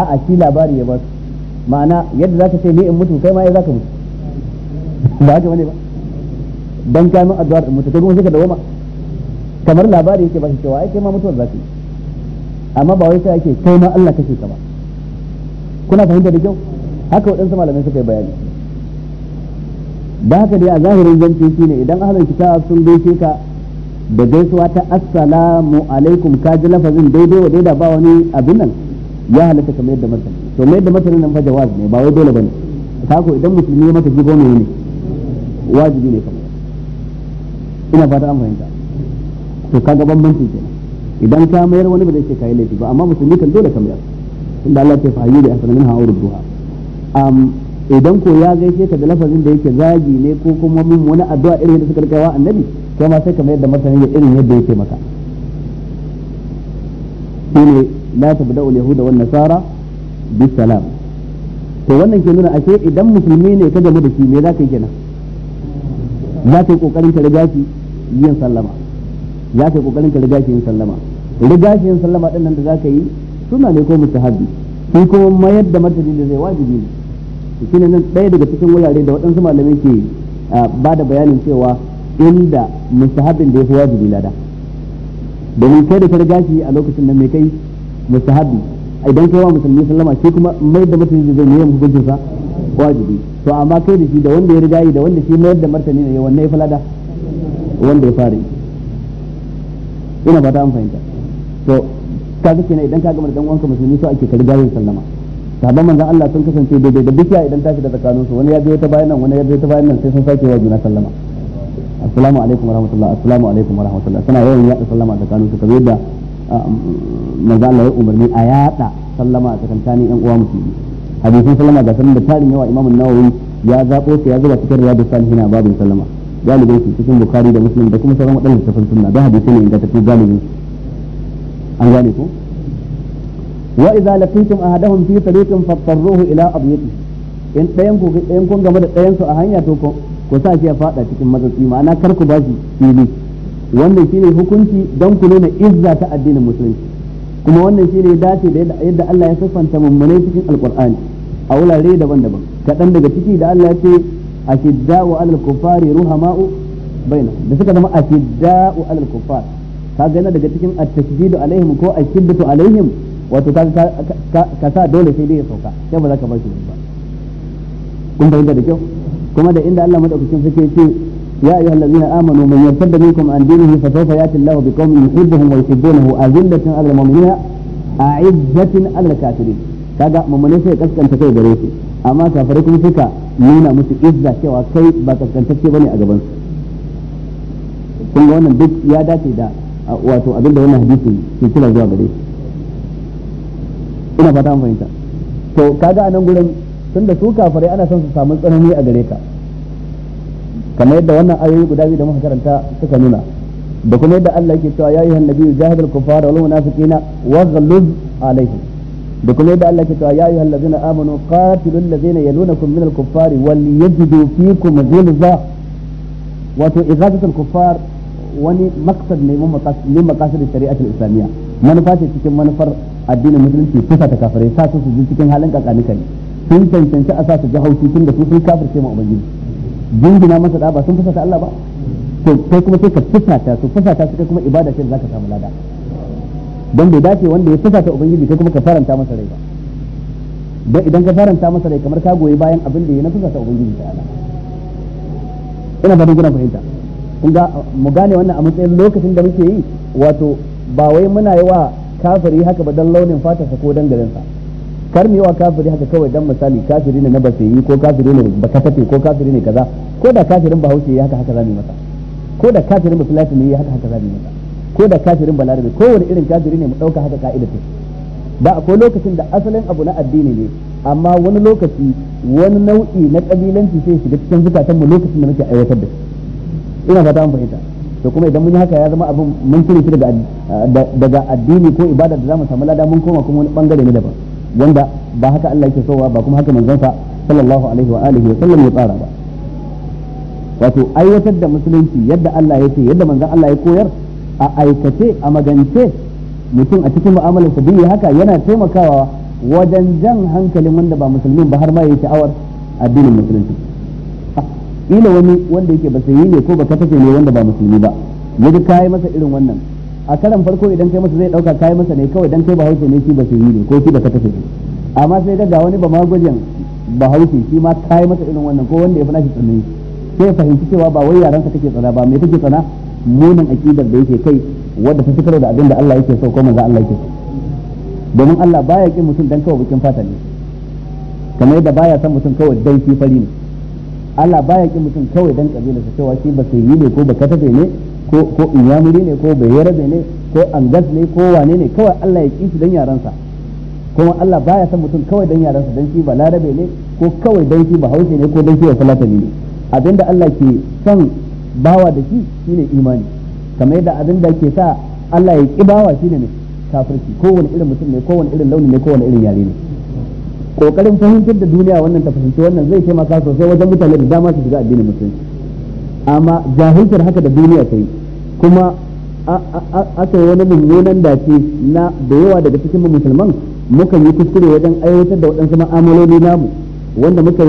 a'a shi labari ya ba su ma'ana yadda zaka ce ni in mutu kai ma ya zaka mutu ba haka bane ba dan kamin addu'ar da mutu kai kuma suka ka dawo ma kamar labari yake ba shi cewa ai kai ma mutuwar zaka yi amma ba wai sai ake kai ma Allah kake ka ba kuna fahimta da kyau haka waɗansu malamai suka yi bayani da haka dai a zahirin zance shine idan ahlul kitab sun gaishe ka da gaisuwa ta assalamu alaikum ka ji lafazin daidai wa daida ba wani abin nan ya halatta kamar yadda martani to mai yadda martani nan fa jawaz ne ba wai dole bane ko idan musulmi ya mata ji goma ne wajibi ne kamar ina fata an fahimta to kaga bambanci kenan idan ka mayar wani ba zai ce kai laifi ba amma musulmi kan dole ka mayar tunda Allah ya fa da asana min ha'ur duha am idan ko ya gaishe ka da lafazin da yake zagi ne ko kuma mun wani addu'a irin da suka rikawa annabi kai ma sai ka mayar da martani irin yadda yake maka shine la tabda'u al-yahuda wan nasara bisalam to wannan ke nuna ashe idan musulmi ne ka gamu da shi me za ka yi kenan za ka yi kokarin ka riga shi yin sallama ya yi kokarin ka riga shi yin sallama riga shi yin sallama din nan da zaka yi suna ne ko mustahabi shi kuma mayar da martani da zai wajibi ne shi ne nan ɗaya daga cikin wurare da waɗansu malamai ke ba da bayanin cewa inda mustahabin da ya fi wajibi lada domin kai da ka riga shi a lokacin nan mai kai mustahabi idan kai wa musulmi sallama shi kuma mayar da martani da zai ne hukuncin sa wajibi to amma kai da shi da wanda ya riga yi da wanda shi mayar da martani ne wanne ya fi lada wanda ya fara yi ina fata ta amfani to kaga kenan idan ka gama da dan uwanka musulmi so ake karga yin sallama sahabban manzon Allah sun kasance daidai da bishiya idan ta fita tsakanin su wani ya biyo ta bayan nan wani ya biyo ta bayan nan sai sun sake wa juna sallama assalamu alaikum warahmatullahi assalamu alaikum warahmatullahi suna yawan yada sallama tsakanin su kamar yadda ah, mm, manzon Allah ya umarni a yada sallama a tsakankanin yan uwa musulmi hadisin sallama ga sanin da tarin yawa Imam Nawawi ya zabo ta ya zuba cikin riyadu salihin babin sallama galibin su cikin Bukhari da Muslim da kuma sauran waɗannan tafsirin sunna da hadisi ne inda take galibin su an gane ku wa idza laqitum ahadahum fi tariqin fattaruhu ila abyati in dayan ku dayan kun game da dayan su a hanya to ko ko sa shi ya fada cikin matsatsi ma'ana kar ku bashi fili wannan shine hukunci dan ku nuna izza ta addinin musulunci kuma wannan shine dace da yadda Allah ya siffanta mummunai cikin alqur'ani a wurare daban-daban kaɗan daga ciki da Allah ya ce ashidda'u alal kufari ruhama'u bainahum da suka zama ashidda'u alal kufari kaga yana daga cikin at-tashdidu alaihim ko ashiddatu alaihim wato kaga ka sa dole sai dai ya sauka sai ba za ka bashi ba kun bayyana da kyau kuma da inda Allah madaukakin sake ce ya ayyuhal ladzina amanu man yartadda minkum an dinihi fa sawfa yati Allahu biqaumin yuhibbuhum wa yuhibbunahu azillatin 'alal mu'minina a'izzatin 'alal kafirin kaga mummune sai kaskanta kai gare su amma kafare kuma suka nuna musu izza cewa kai ba kaskantacce bane a gaban su kun ga wannan duk ya dace da wato abinda wannan hadisi ke kira zuwa gare ina fata an fahimta to kaga anan gurin tunda su kafirai ana son su samu tsanani a gare ka kamar yadda wannan ayoyi guda biyu da muka karanta suka nuna da kuma yadda Allah yake cewa ya yi hannabi jahadul kuffara wal munafiqina waghluz alaihim da kuma yadda Allah yake cewa ya yi hallazina amanu qatilul ladzina yalunakum minal kuffari wal yajidu fikum ghilza wato ighathatul kuffar wani maksad ne makasar da shari'a al-islamiyya manufa ce cikin manufar addinin musulunci kusa ta kafirai sa su ji cikin halin kakanika ne sun cancanci a sa su ji haushi tun da su sun kafirce ma ubangiji jingina masa da ba sun fusata Allah ba to kai kuma sai ka fusata su fusata su kai kuma ibada ce da zaka samu lada don bai dace wanda ya fusata ubangiji kai kuma ka faranta masa rai ba don idan ka faranta masa rai kamar ka goyi bayan abin da ya na fusata ubangiji ta'ala ina don gina fahimta ga mu gane wannan a matsayin lokacin da muke yi wato ba wai muna yi wa kafiri haka ba dan launin fatarsa ko dan sa kar mu yi wa kafiri haka kawai dan misali kafiri ne na yi ko kafiri ne ba kafate ko kafiri ne kaza ko da kafirin bahaushe ya haka haka zamu masa ko da kafirin filati ne yi haka haka zamu masa ko da kafirin ko kowane irin kafiri ne mu dauka haka ka'ida ce ba akwai lokacin da asalin abu na addini ne amma wani lokaci wani nau'i na kabilanci sai shiga cikin zukatan mu lokacin da muke aiwatar da shi ina fata an fahimta to kuma idan mun yi haka ya zama abin mun cire shi daga addini ko ibada da zamu samu lada mun koma kuma wani bangare ne daban wanda ba haka Allah yake sowa ba kuma haka manzon sa sallallahu alaihi wa alihi wa sallam ya tsara ba wato aiwatar da musulunci yadda Allah ya ce yadda manzon Allah ya koyar a aikace a magance mutum a cikin mu'amalarsa yi haka yana taimakawa wajen jan hankalin wanda ba musulmin ba har ma ya sha'awar addinin musulunci kila wani wanda yake ba ne ko ba kafafe ne wanda ba musulmi ba yaga kai masa irin wannan a karan farko idan kai masa zai dauka kai masa ne kawai dan kai ba ne shi ba ne ko shi ba kafafe ne amma sai ga wani ba magwajin ba shi ma kai masa irin wannan ko wanda ya fi nashi tsanani sai ya fahimci cewa ba wai yaransa take tsana ba mai take tsana munin akidar da yake kai wanda ta fitar da abin da Allah yake so ko manzo Allah yake so domin Allah baya kin mutum dan kawai bikin fata ne kamar yadda baya san mutum kawai dai shi fari ne Allah baya ki mutum kawai dan kabilarsa cewa shi ba sai yi ne ko ba katafe ne ko ko inyamuri ne ko bayarabe ne ko angas ne ko wane ne kawai Allah ya ki shi dan yaransa kuma Allah baya san mutum kawai dan yaransa dan shi ba larabe ne ko kawai dan shi ba ne ko dan shi ba fulatani ne abinda Allah ke son bawa da shi shine imani kamar yadda abinda ke sa Allah ya ki bawa shine ne kafirci kowane irin mutum ne kowane irin launi ne kowane irin yare ne kokarin fahimtar da duniya wannan ta fahimci wannan zai taimaka sosai wajen mutane da dama su shiga addinin musulunci amma jahiltar haka da duniya ta yi kuma aka yi wani mummunan dace na da yawa daga cikin musulman muka yi kuskure wajen aiwatar da waɗansu ma'amaloli namu wanda muka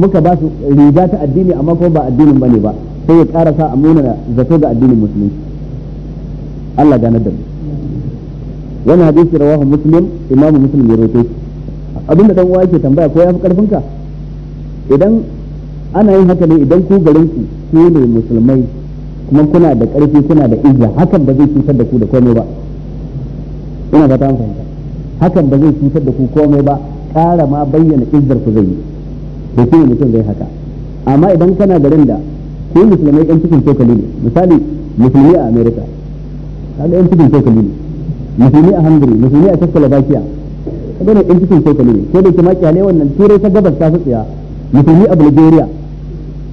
muka ba su riga ta addini amma kuma ba addinin bane ba sai ya ƙara sa a amuna zato ga addinin musulunci Allah ganar da mu wannan hadisi rawahu muslim imamu muslim ya rawaito abinda dan uwa yake tambaya ko ya fi karfin ka idan ana yin haka ne idan ku garin ku ku ne musulmai kuma kuna da karfi kuna da izza hakan ba zai cutar da ku da komai ba ina fata an fahimta hakan ba zai cutar da ku komai ba ƙara ma bayyana izzar ku zai yi to shi ne mutum zai haka amma idan kana garin da ku musulmai yan cikin tokali ne misali musulmi a america kaga yan cikin tokali ne musulmi a hungary musulmi a czechoslovakia kaga ne ɗan cikin cokali ne ko da ke makiya ne wannan turai ta gabas ta tsaya musulmi a bulgaria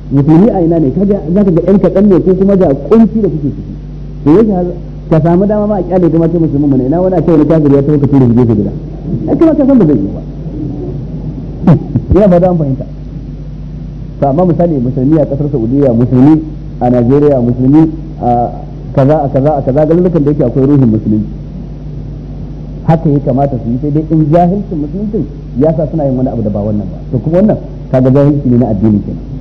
musulmi a ina ne kaga za ka ga ɗan kaɗan ne ko kuma da ƙunci da kuke ciki to yake ka samu dama ma a kyale kuma sai musulmi mana ina wani a cewa kafiri ya tafi ka tura ka gida ai kuma ka san ba zai yi ba ina ba an fahimta to amma misali musulmi a ƙasar saudiya musulmi a najeriya musulmi a kaza a kaza a kaza galukan da yake akwai ruhin musulunci haka ya kamata su yi sai dai in jahilcin musulunci ya sa suna yin wani abu da ba wannan ba to kuma wannan kaga jahilci ne na addini kenan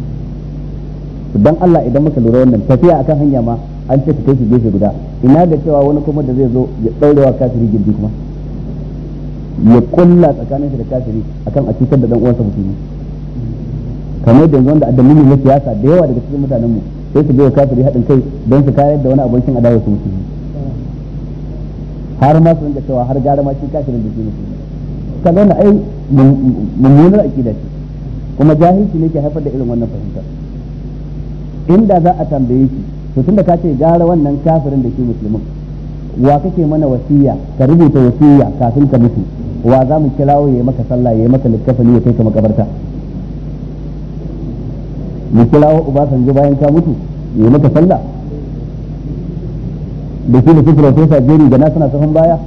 dan Allah idan muka lura wannan tafiya akan hanya ma an ce ka kai su gefe guda ina ga cewa wani kuma da zai zo ya daurewa kafiri girbi kuma ya kulla tsakanin shi da kafiri akan a cutar da dan uwansa musulmi kamar da wanda da mini na siyasa da yawa daga cikin mutanen sai su ga kafiri haɗin kai don su kayar da wani abokin adawa su musulmi har ma su rinka cewa har gara ma shi kafirin da shi musulmi kaga wannan ai mummunar akida ce kuma jahilci ne ke haifar da irin wannan fahimtar inda za a tambaye shi to tunda ka ce gara wannan kafirin da ke musulmin wa kake mana wasiya ka rubuta wasiya kafin ka mutu wa za mu kirawo yayi maka sallah ya maka likkafani ya kai ka makabarta mu kirawo ubasanjo bayan ka mutu ya maka sallah da shi ne kufra sai sajeri da na suna sahun baya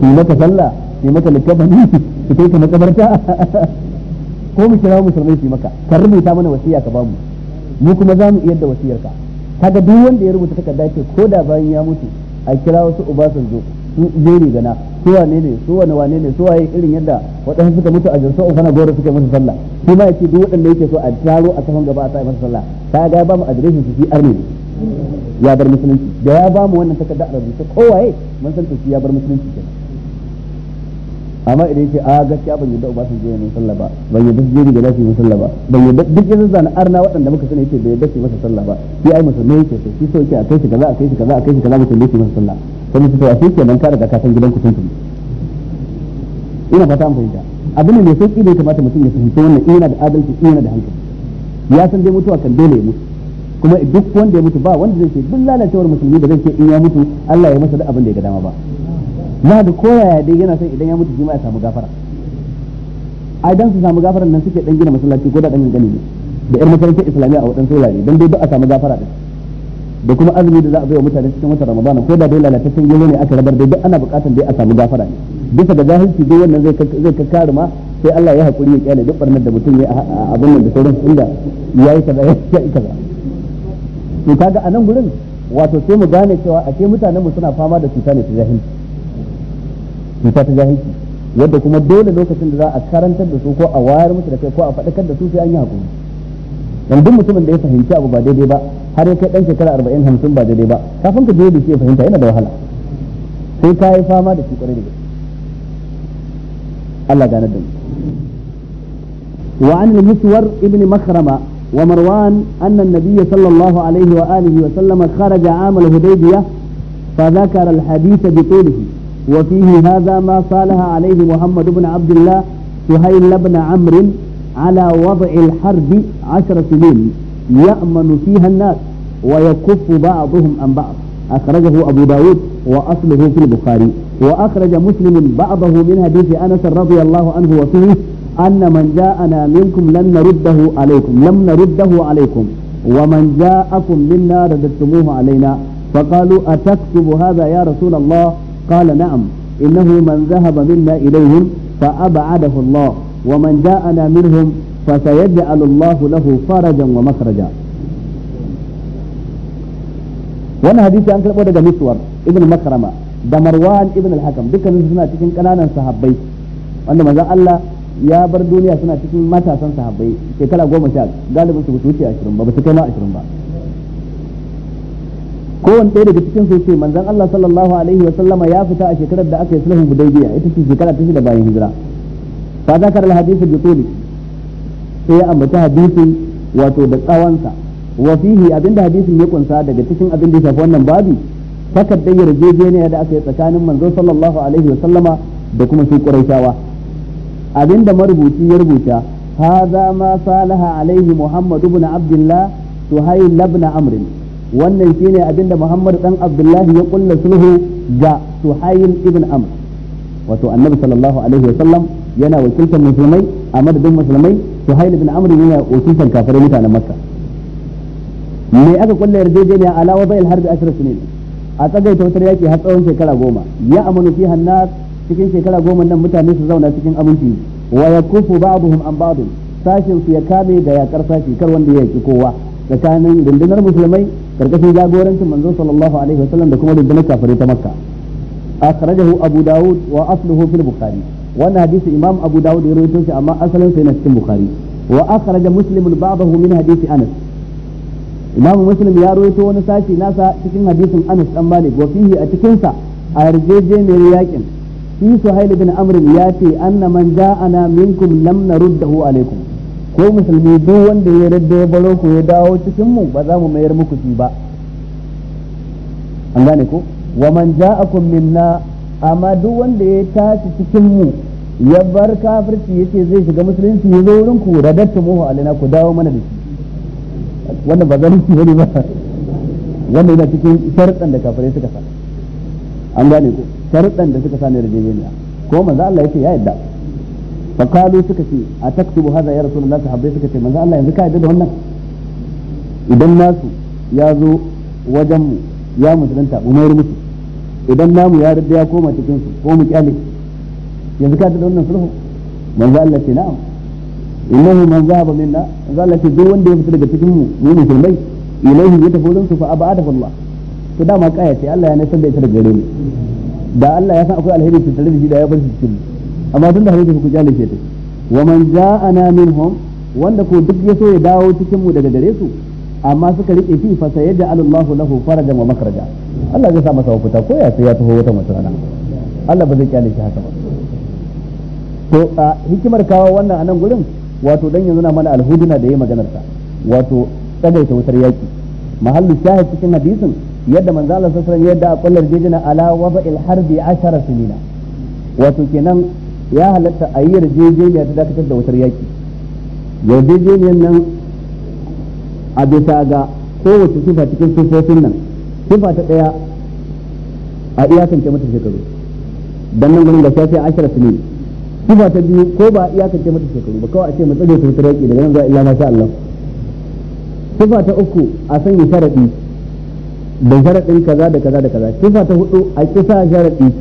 su maka sallah su maka likabani su kai ka makabarta ko mu kira musulmai su maka ka rubuta mana wasiya ka bamu mu kuma za mu iya da ta kaga duk wanda ya rubuta takarda ce ko da bayan ya mutu a kira wasu Obasanjo su jeri gana su wane ne su wane wane ne su waye irin yadda waɗansu suka mutu a jinsu a kana gora suka masa sallah shi ma ce duk waɗanda yake so a taro a sahun gaba a sa masa sallah kaga ba mu adireshin su shi arne ya bar musulunci da ya ba mu wannan takarda a rubuce kowaye mun san tafi ya bar musulunci kenan amma idan ce a gaskiya ban yadda uba je mun sallah ba ban yadda su je da su mun sallah ba ban yadda duk yanzu zan arna waɗanda muka sani yace bai yadda su masa sallah ba sai ai musulmai yake sai shi so a kai shi kaza a kai shi kaza a kai shi kaza mutum yake masa sallah sai su ya sai kenan nan kare ka san gidan ku tun ina fata an fahimta abin ne mai sauki da ya kamata mutum ya fahimta wannan ina da adalci ina da hankali ya san dai mutuwa kan dole ya mutu kuma duk wanda ya mutu ba wanda zai ce duk lalacewar musulmi da zai ce in ya mutu Allah ya masa duk abin da ya ga dama ba na da koyaya dai yana son idan ya mutu shi ma ya samu gafara a dan su samu gafara nan suke dan gina masallaci ko da dan gani ne da yar makarantar islamiyya a wadan wurare dan dai ba a samu gafara din da kuma azumi da za a bai wa mutane cikin watan ramadan ko da dai lalacewar gero ne aka rabar dai duk ana bukatar dai a samu gafara ne bisa ga jahilci dai wannan zai zai kakkare ma sai Allah ya hakuri ya kyale duk barnar da mutum ya abin da sauran inda yayi kaza ya kaza to kaga a nan gurin wato sai mu gane cewa a ce mutanen mu suna fama da cuta ne ta jahilci cuta ta jahilci yadda kuma dole lokacin da za a karantar da su ko a wayar musu da kai ko a faɗakar da su sai an yi hakuri dan duk mutumin da ya fahimci abu ba daidai ba har ya kai dan shekara 40 50 ba daidai ba kafin ka je da shi ya fahimta yana da wahala sai ka yi fama da shi kwarai da gaske Allah ganar da mu wa an al-muswar ibn makhrama ومروان أن النبي صلى الله عليه وآله وسلم خرج عام الهديبية فذكر الحديث بطوله وفيه هذا ما صالح عليه محمد بن عبد الله سهيل بن عمرو على وضع الحرب عشر سنين يأمن فيها الناس ويكف بعضهم عن بعض أخرجه أبو داود وأصله في البخاري وأخرج مسلم بعضه من حديث أنس رضي الله عنه وفيه أن من جاءنا منكم لن نرده عليكم لم نرده عليكم ومن جاءكم منا رددتموه علينا فقالوا أتكتب هذا يا رسول الله قال نعم إنه من ذهب منا إليهم فأبعده الله ومن جاءنا منهم فسيجعل الله له فرجا ومخرجا wannan hadisi an karɓo daga miswar ibn makrama da marwan ibn al-hakam dukkanin suna cikin ƙananan sahabbai wanda manzon Allah ya bar duniya suna cikin matasan sahabbai shekara goma sha galibin su wuce ashirin ba ba su kai ma ashirin ba kowane ɗaya daga cikin su ce manzon Allah sallallahu alaihi wa sallama ya fita a shekarar da aka yi sulhun hudaybiya ita ce shekara ta shida bayan hijira fa zakar al hadith bi sai ya ambaci hadisin wato da tsawansa wa fihi abinda hadisin ya kunsa daga cikin abin da ya shafi wannan babi takardar yarjejeniya da aka yi tsakanin manzon sallallahu alaihi wa sallama da kuma su quraishawa da marubuci ya rubuta hadha ma salaha alaihi muhammad ibn abdullah suhail ibn amr wannan shine abinda muhammad dan abdullah ya kulla sulhu ga suhail ibn amr wato annabi sallallahu alaihi wa sallam yana wakiltar musulmai a madadin musulmai suhail ibn amr yana wakiltar kafirai mutanen makka me aka kulla yarjejeniya ala wadai harbi ashra sunin a tsagaita wutar yaki har tsawon shekara goma ya amanu fiha nas cikin shekara goma nan mutane su zauna cikin aminci wa ya yakufu ba'dhum an ba'd sashin su ya kame da yakar sashi kar wanda ya yaki kowa tsakanin rundunar musulmai karkashin jagorancin manzo sallallahu alaihi wasallam da kuma rundunar kafirai ta makka akhrajahu abu daud wa asluhu fil bukhari wannan hadisi imam abu daud ya rawaito shi amma asalin sa yana cikin bukhari wa akhraja muslim ba'dahu min hadisi anas imam muslim ya rawaito wani sashi nasa cikin hadisin anas dan malik wa fihi a cikin sa a ne yaqin shi suhail bin amr ya ce anna man ja'ana minkum lam naruddahu alaikum ko musulmi duk wanda ya radda ya baro ku ya dawo cikin mu ba za mu mayar muku shi ba an gane ko wa man ja'akum minna amma duk wanda ya tashi cikin mu ya bar kafirci yace zai shiga musulunci ya zo wurin ku radatta muhu alaina ku dawo mana da shi wannan ba zalunci bane ba wannan yana cikin sharɗan da kafirai suka sa an gane ko sharuɗan da suka sami ne rajuluniya ko manzo Allah yace ya yadda fa kalu suka ce a taktubu hadha ya rasulullahi sahabbai suka ce manzo Allah yanzu ka yadda da wannan idan nasu ya zo wajen mu ya musulunta mu musu idan namu ya rida ya koma cikin su ko mu kyale yanzu ka da wannan sulhu manzo Allah ce na'am innahu man zahaba minna manzo Allah ce duk wanda ya fita daga cikin mu mu musulmai ilaihi ya tafi wurin su fa abadahu Allah to dama kaya ce Allah ya nasar da ita daga gare mu da Allah ya san akwai alheri tare da shi da ya bar shi cikin amma tun da hadisi ku kyale shi wa man ja'ana minhum wanda ko duk ya so ya dawo cikin mu daga gare su amma suka rike fi fa sayadda Allahu lahu farajan wa makraja Allah zai sa masa mafita ko ya sai ya taho wata matsala Allah ba zai kyale shi haka ba to a hikimar kawo wannan anan gurin wato dan yanzu na mana alhuduna da yayi maganar sa wato tsagaita wutar yaki mahallu shahid cikin hadisin yadda manzo Allah sallallahu alaihi yadda a kullar jejina ala wada'il harbi 10 sinina wato kenan ya halatta a yi yarjejeniya ta dakatar da wutar yaki yarjejeniyan nan a bisa ga kowace sifa cikin sifofin nan sifa ta daya a iyakance mata shekaru dan nan gurin gaskiya sai 10 sinin sifa ta biyu ko ba iyakance mata shekaru ba kawai a ce mu tsare ta wutar yaki daga nan zuwa illa ma sha Allah sifa ta uku a sanya sharadi da sharaɗin kaza da kaza da kaza sifa ta hudu a kisa sharaɗi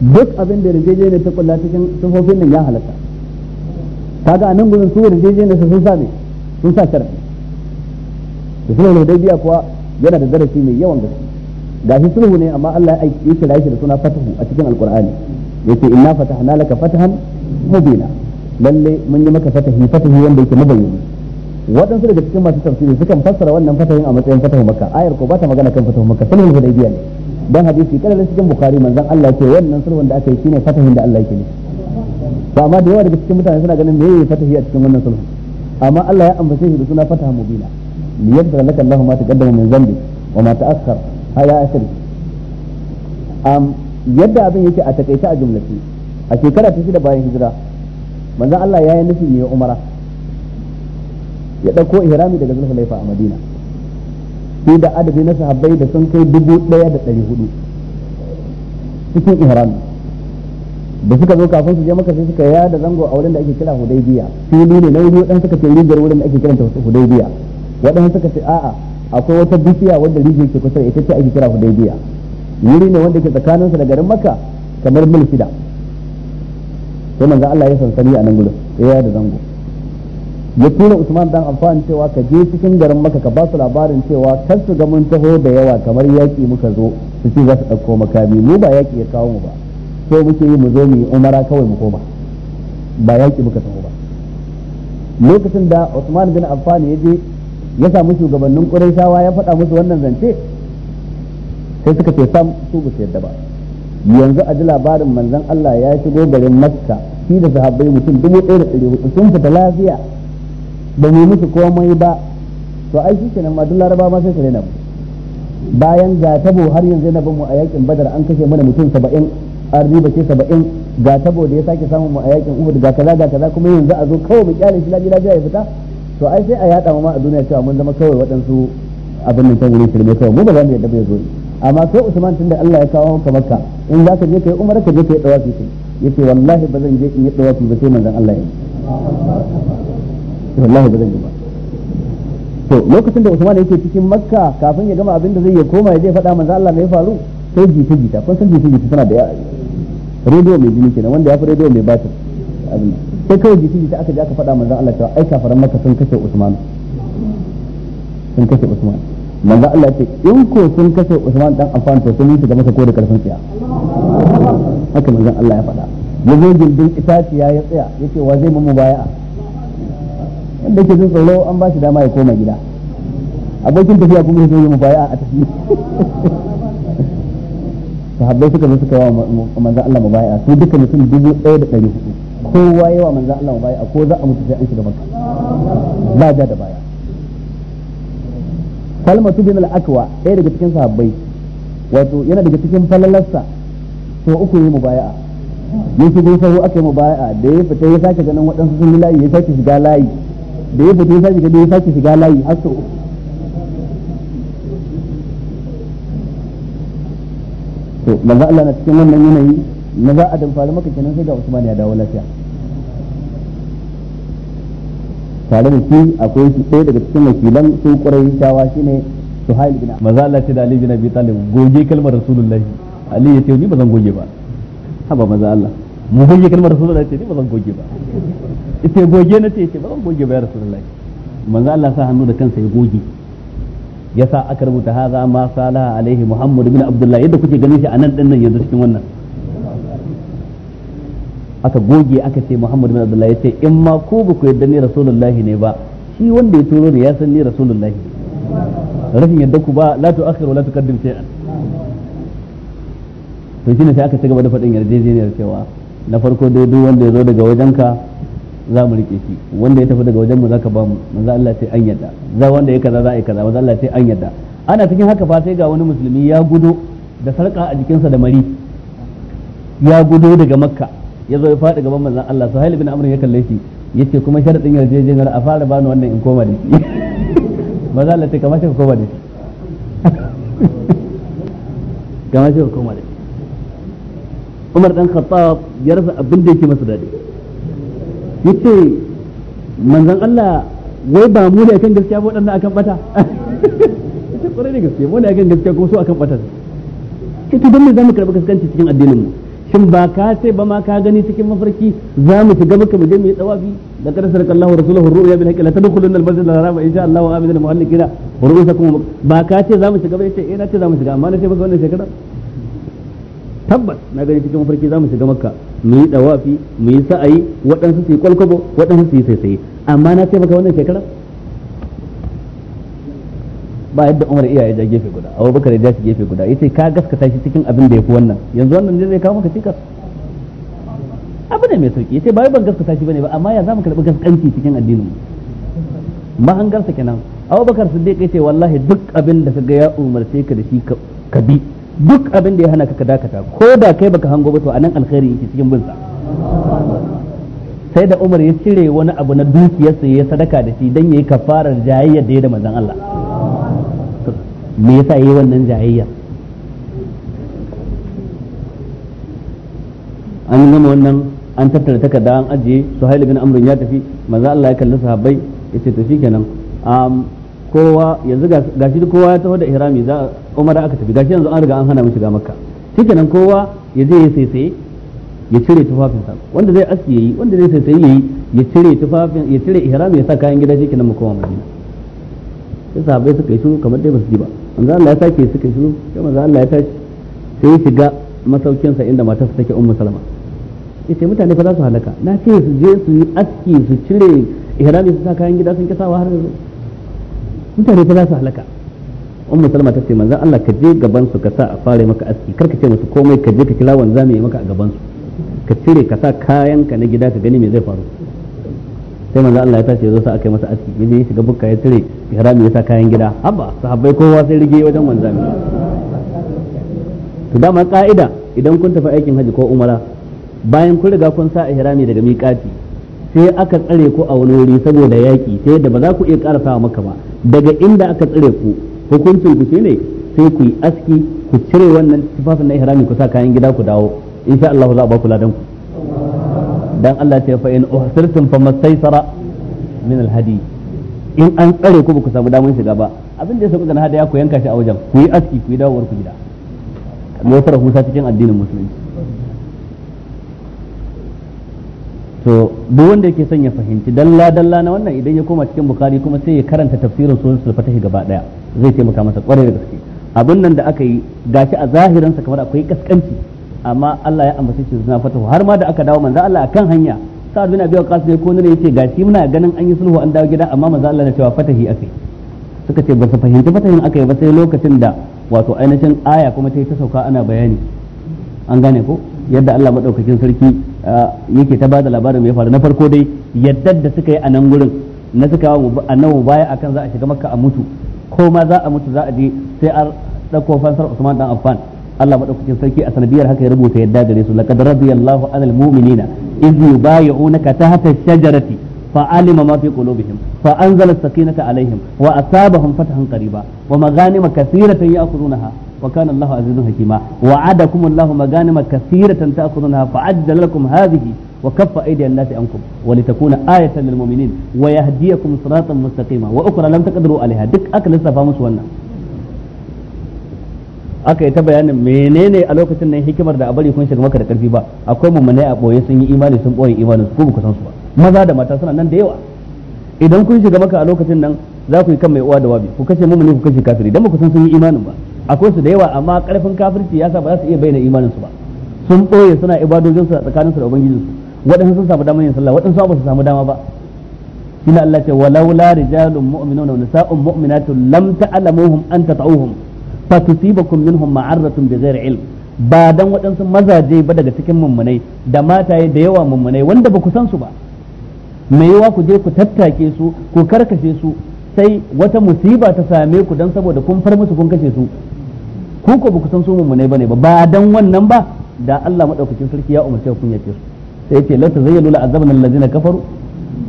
duk abin da ne ta kulla cikin sifofin nan ya halatta kaga a nan gudun su yarjejeniya ne sun sa ne sun sa sharaɗi da sulhu hudaybiya kuwa yana da darasi mai yawan gaske gashi sulhu ne amma Allah ya kira shi da suna fatahu a cikin alqur'ani ina inna fatahna laka fatahan mubina lalle mun yi maka fatahi fatahi wanda yake mabayyani waɗansu daga cikin masu tafsiri sukan fassara wannan fatahin a matsayin fatahin makka ayar ko ba ta magana kan fatahu makka sulhul hudaybiya ne dan hadisi kada da cikin bukhari manzon Allah ce wannan sulhun da aka yi shine fatahin da Allah yake ne ba amma da yawa daga cikin mutane suna ganin meye fatahi a cikin wannan sulhun amma Allah ya ambace shi da suna fatahu mubina yadda laka Allahu ma taqaddama min zambi wa ma ta'akhkhar hala asir am yadda abin yake a takaita a jumlace a shekara ta shida bayan hijira manzan Allah ya yi nufi ne umara ya ɗauko ihrami daga Laifa a madina shi da adadi na sahabbai da sun kai dubu daya da dari hudu cikin ihrami da suka zo kafin su je maka sai suka yada zango a wurin da ake kira hudaybiya fili ne na wuri wadan suka ce rigar wurin da ake ta hudaybiya wadan suka ce a'a akwai wata bishiya wadda rijiyar ke kusa ita ce ake kira hudaybiya wuri ne wanda ke tsakanin su da garin makka kamar mil shida sai manzo Allah ya sansani a nan gurin ya yada zango ya tura Usman dan amfani cewa ka je cikin garin maka ka ba su labarin cewa kar su ga mun taho da yawa kamar yaki muka zo su ce za su ɗauko makami mu ba yaƙi ya kawo mu ba so muke yi mu zo mu yi umara kawai mu koma ba yaƙi muka taho ba lokacin da Usman bin Affan ya je ya samu shugabannin kuraishawa ya faɗa musu wannan zance sai suka ce sam su ba su yadda ba yanzu a ji labarin manzon Allah ya shigo garin Makka shi da sahabbai mutum dubu sun fita lafiya ba mu musu komai ba to ai shi kenan ma duk laraba ma sai su bayan ga tabo har yanzu yana bin mu a yakin badar an kashe mana mutum saba'in an ba ce saba'in ga tabo da ya sake samun mu a yakin uhud ga kaza ga kaza kuma yanzu a zo kawai mu kyale shi lafiya lafiya ya fita to ai sai a yada ma a duniya cewa mun zama kawai waɗansu abin nan wurin shirme kawai mu ba za mu yadda bai zo amma sai Usman tunda Allah ya kawo ka makka in za ka je kai umar ka je kai dawafi kai yace wallahi ba zan je in yi dawafi ba sai manzon Allah ya wallahi ba zan yi ba to lokacin da Usman yake cikin Makka kafin ya gama abin da zai yi koma ya je faɗa manzo Allah me ya faru sai jita jita kun san jita jita suna da ya radio mai jini kenan wanda ya fi radio mai batir abin sai kawai jita jita aka je aka faɗa manzo Allah cewa ai kafaran Makka sun kashe Usman sun kashe Usman manzo Allah ya ce in ko sun kashe Usman dan amfani to sun yi shiga masa ko karfin tsiya haka manzo Allah ya faɗa yanzu gindin itaci ya tsaya yace wa zai mu mubaya'a wanda ke sun tsoro an ba shi dama ya koma gida abokin tafiya kuma ya zoye yi mubaya a tafi sahabbai suka zo suka yawa manzan Allah mubaya su duka mutum dubu ɗaya da ɗari hudu kowa yawa manzan Allah mubaya ko za a mutu sai an shiga maka ba ja da baya kalmatu bin al ɗaya daga cikin sahabbai wato yana daga cikin falalarsa to uku yi mubaya ya shigo sahu aka yi mubaya da ya fita ya sake ganin waɗansu sun yi layi ya sake shiga layi da ya fito ya sake gani ya sake shiga layi har sau to manzo Allah na cikin wannan yanayi na za a damfari maka kenan sai ga Usman ya dawo lafiya tare da shi akwai shi ɗaya daga cikin wakilan su ƙurai shawa shine Suhail bin Maza Allah ce da Ali bin Abi Talib goge kalmar Rasulullahi Ali ya ce ni ba zan goge ba haba maza Allah mu goge kalmar rasulullahi ce ba zan goge ba ita goge na ce ce ba zan goge ba ya rasulullahi manzo Allah sa hannu da kansa ya goge ya sa aka rubuta haza ma salaha alaihi muhammad ibn abdullah yadda kuke ganin shi a nan din nan yanzu cikin wannan aka goge aka ce muhammad ibn abdullah ya ce in ma ko ba ku yadda ni rasulullahi ne ba shi wanda ya turo ni ya san ni rasulullahi rashin yadda ku ba la akhiru la tuqaddim shay'an to shine sai aka ci gaba da faɗin yarjejeniyar cewa na farko dai duk wanda ya zo daga wajenka za mu rike shi wanda ya tafi daga wajen mu zaka ba mu manzo Allah sai an yadda za wanda ya kaza za a yi kaza manzo Allah sai an yadda ana cikin haka fa sai ga wani musulmi ya gudo da sarka a jikinsa da mari ya gudo daga makka ya zo ya faɗi gaban manzon Allah suhail bin amrin ya kalle shi yace kuma sharadin yarjejeniyar a fara bani wannan in koma da shi Allah sai kamar ka koma da shi ka koma da shi Umar dan Khattab ya rasa abin da yake masa dadi yace manzon Allah wai ba mu ne akan gaskiya ba waɗannan akan bata ita kwarai ne gaskiya mu ne akan gaskiya ko su akan bata ita don me zamu karba gaskanci cikin addinin mu shin ba ka ce ba ma ka gani cikin mafarki za mu shiga maka mu je mu yi tsawafi da kada sarka Allahu rasuluhu ru'ya bil haqqi la tadkhulunna al masjid al haram insha Allahu amina mu'allikina ru'usakum ba ka ce za mu shiga ba yace eh na ce za mu shiga amma na ce baka wannan shekara tabbas na gani cikin mafarki za mu shiga makka mu yi dawafi mu yi sa'ayi waɗansu su yi kwalkwabo waɗansu su yi saisaye amma na ce maka wannan shekara ba yadda umar iya ya ja gefe guda abubakar ya ja shi gefe guda yace ka gaskata shi cikin abin da ya fi wannan yanzu wannan ne zai kawo maka cikas abu ne mai sauki yace ba ban gaskata shi bane ba amma ya za mu karɓi gaskanci cikin addinin mu mahangarsa kenan abubakar siddiq yace wallahi duk abin da ga ya umarce ka da shi ka bi duk abin da ya hana ka ka dakata ko da kai baka hango ba to anan alkhairi yake cikin bin sa sai da Umar ya cire wani abu na dukiyarsa ya sadaka da shi dan yayi kafarar jayayyar da ya da manzon Allah me yasa yayi wannan jayayyar an gama wannan an tattara takarda an ajiye Suhail bin Amr ya tafi manzon Allah ya kalli sahabbai yace to shikenan um, kowa yanzu gashi kowa ya taho da ihrami za umara aka tafi gashi yanzu an riga an hana mu shiga makka nan kowa ya je ya saisaye ya cire tufafinsa wanda zai aski yayi wanda zai saisaye yayi ya cire tufafin ya cire ihrami ya sa kayan gida shikenan mu koma madina sai sahabbai suka yi su kamar dai basu ji ba manzo Allah ya sake suka yi su sai manzo Allah ya tashi sai ya shiga sa inda matarsa take ummu salama yace mutane fa za su halaka na ce su je su yi aski su cire ihrami su sa kayan gida sun wa har yanzu mutane ta za su halaka ummu musulma ta ce manzan Allah ka je gaban su ka sa a fare maka aski kar ce musu komai ka je ka kira wanza mai maka a gaban su ka cire ka sa kayan ka na gida ka gani me zai faru sai manzan Allah ya tashi ya zo sa aka yi masa aski ya je shiga bukka ya cire ihrami ya sa kayan gida haba sahabbai kowa sai rige wajen wanzami. mai to dama ka'ida idan kun tafi aikin hajji ko umara bayan kun riga kun sa a ihrami daga miƙati sai aka tsare ko a wani wuri saboda yaƙi sai da ba za ku iya ƙara sawa maka ba daga inda aka tsire ku hukuncin ku shine sai ku yi aski ku cire wannan tufafin na ihrami ku sa kayan gida ku dawo insha Allah za a ba ku ladan ku dan Allah ya fa in uhsirtum famastaysara min alhadi in an tsare ku ba ku samu damar shiga ba abin da ya sauka na ya ku yanka shi a wajen ku yi aski ku yi dawowar ku gida kamar wata cikin addinin musulunci so duk wanda yake son ya fahimci dalla dalla na wannan idan ya koma cikin bukari kuma sai ya karanta tafsirin sunan sulfatahi gaba daya zai taimaka masa kwarai da gaske abin nan da aka yi gashi a zahirin sa kamar akwai kaskanci amma Allah ya ambace shi suna fatahu har ma da aka dawo manzo Allah akan hanya sa'ad bin abi waqas ne ko ne yace gashi muna ganin an yi sulhu an dawo gida amma manzo Allah na cewa fatahi akai suka ce ba su fahimci fatahin yi ba sai lokacin da wato ainihin aya kuma ta ta sauka ana bayani an gane ko yadda Allah madaukakin sarki yake ta bada labarin mai faru na farko dai yaddar da suka yi a nan gurin na suka annabi baya akan za a shiga makka a mutu ko ma za a mutu za a je sai a dauko fansar Usman dan Affan Allah madaukakin sarki a sanadiyar haka ya rubuta yadda gare su laqad radiyallahu anil mu'minina iz yubayyi'unaka tahta shajarati فعلم ما في قلوبهم فأنزل السكينة عليهم وأصابهم فتحا قريبا ومغانم كثيرة يأخذونها wa kana Allahu azizun hakima wa'adakum Allahu maganima kaseeratan ta'khudunha fa'ajjala lakum hadhihi wa kaffa aydiyan nasi ankum wa litakuna ayatan lil mu'minin wa yahdiyakum siratan mustaqima wa ukra lam taqdiru aka lissafa musu wannan aka yi ta bayanin menene a lokacin nan hikimar da a bari kun shiga maka da karfi ba akwai mummune a boye sun yi imani sun boye imanin su ku san su ba maza da mata suna nan da yawa idan kun shiga maka a lokacin nan za ku yi kan mai uwa da wabi ku kashe mummune ku kashe kafiri dan ba ku san sun yi imanin ba akwai su da yawa amma karfin kafirci ya sa ba za su iya bayyana imaninsu ba sun ɓoye suna su a tsakaninsu da su waɗansu sun samu damar yin sallah waɗansu ba su samu dama ba ina Allah ce walaula rijalun mu'minuna wa nisa'un mu'minatun lam ta'lamuhum an tata'uhum fatusibakum minhum ma'arratun ghairi ilm ba dan waɗansu mazaje ba daga cikin mummunai da mataye da yawa mummunai wanda ba ku san su ba mai yawa ku je ku tattake su ku karkashe su sai wata musiba ta same ku dan saboda kun far musu kun kashe su ku ko baku san su mummunai bane ba ba dan wannan ba da Allah madaukakin sarki ya umarce ku yace su sai yace la tazayyalu la azaban allazina kafaru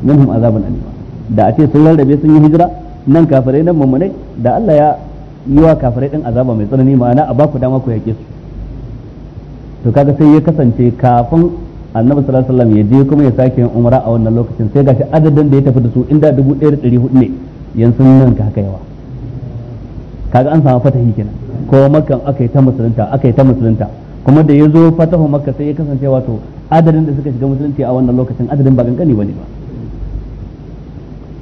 minhum azaban alim da a ce sun rarrabe sun yi hijira nan kafirai nan mummunai da Allah ya yi wa kafirai din azaba mai tsanani ma'ana a baku dama ku yake su to kaga sai ya kasance kafin annabi sallallahu alaihi wasallam ya je kuma ya sake yin umra a wannan lokacin sai gashi adadin da ya tafi da su inda 1400 ne yanzu nan ka haka yawa kaga an samu fatahi kenan ko makan aka yi ta musulunta aka yi ta musulunta kuma da ya zo fatahu makka sai ya kasance wato adadin da suka shiga musulunci a wannan lokacin adadin ba ba bane ba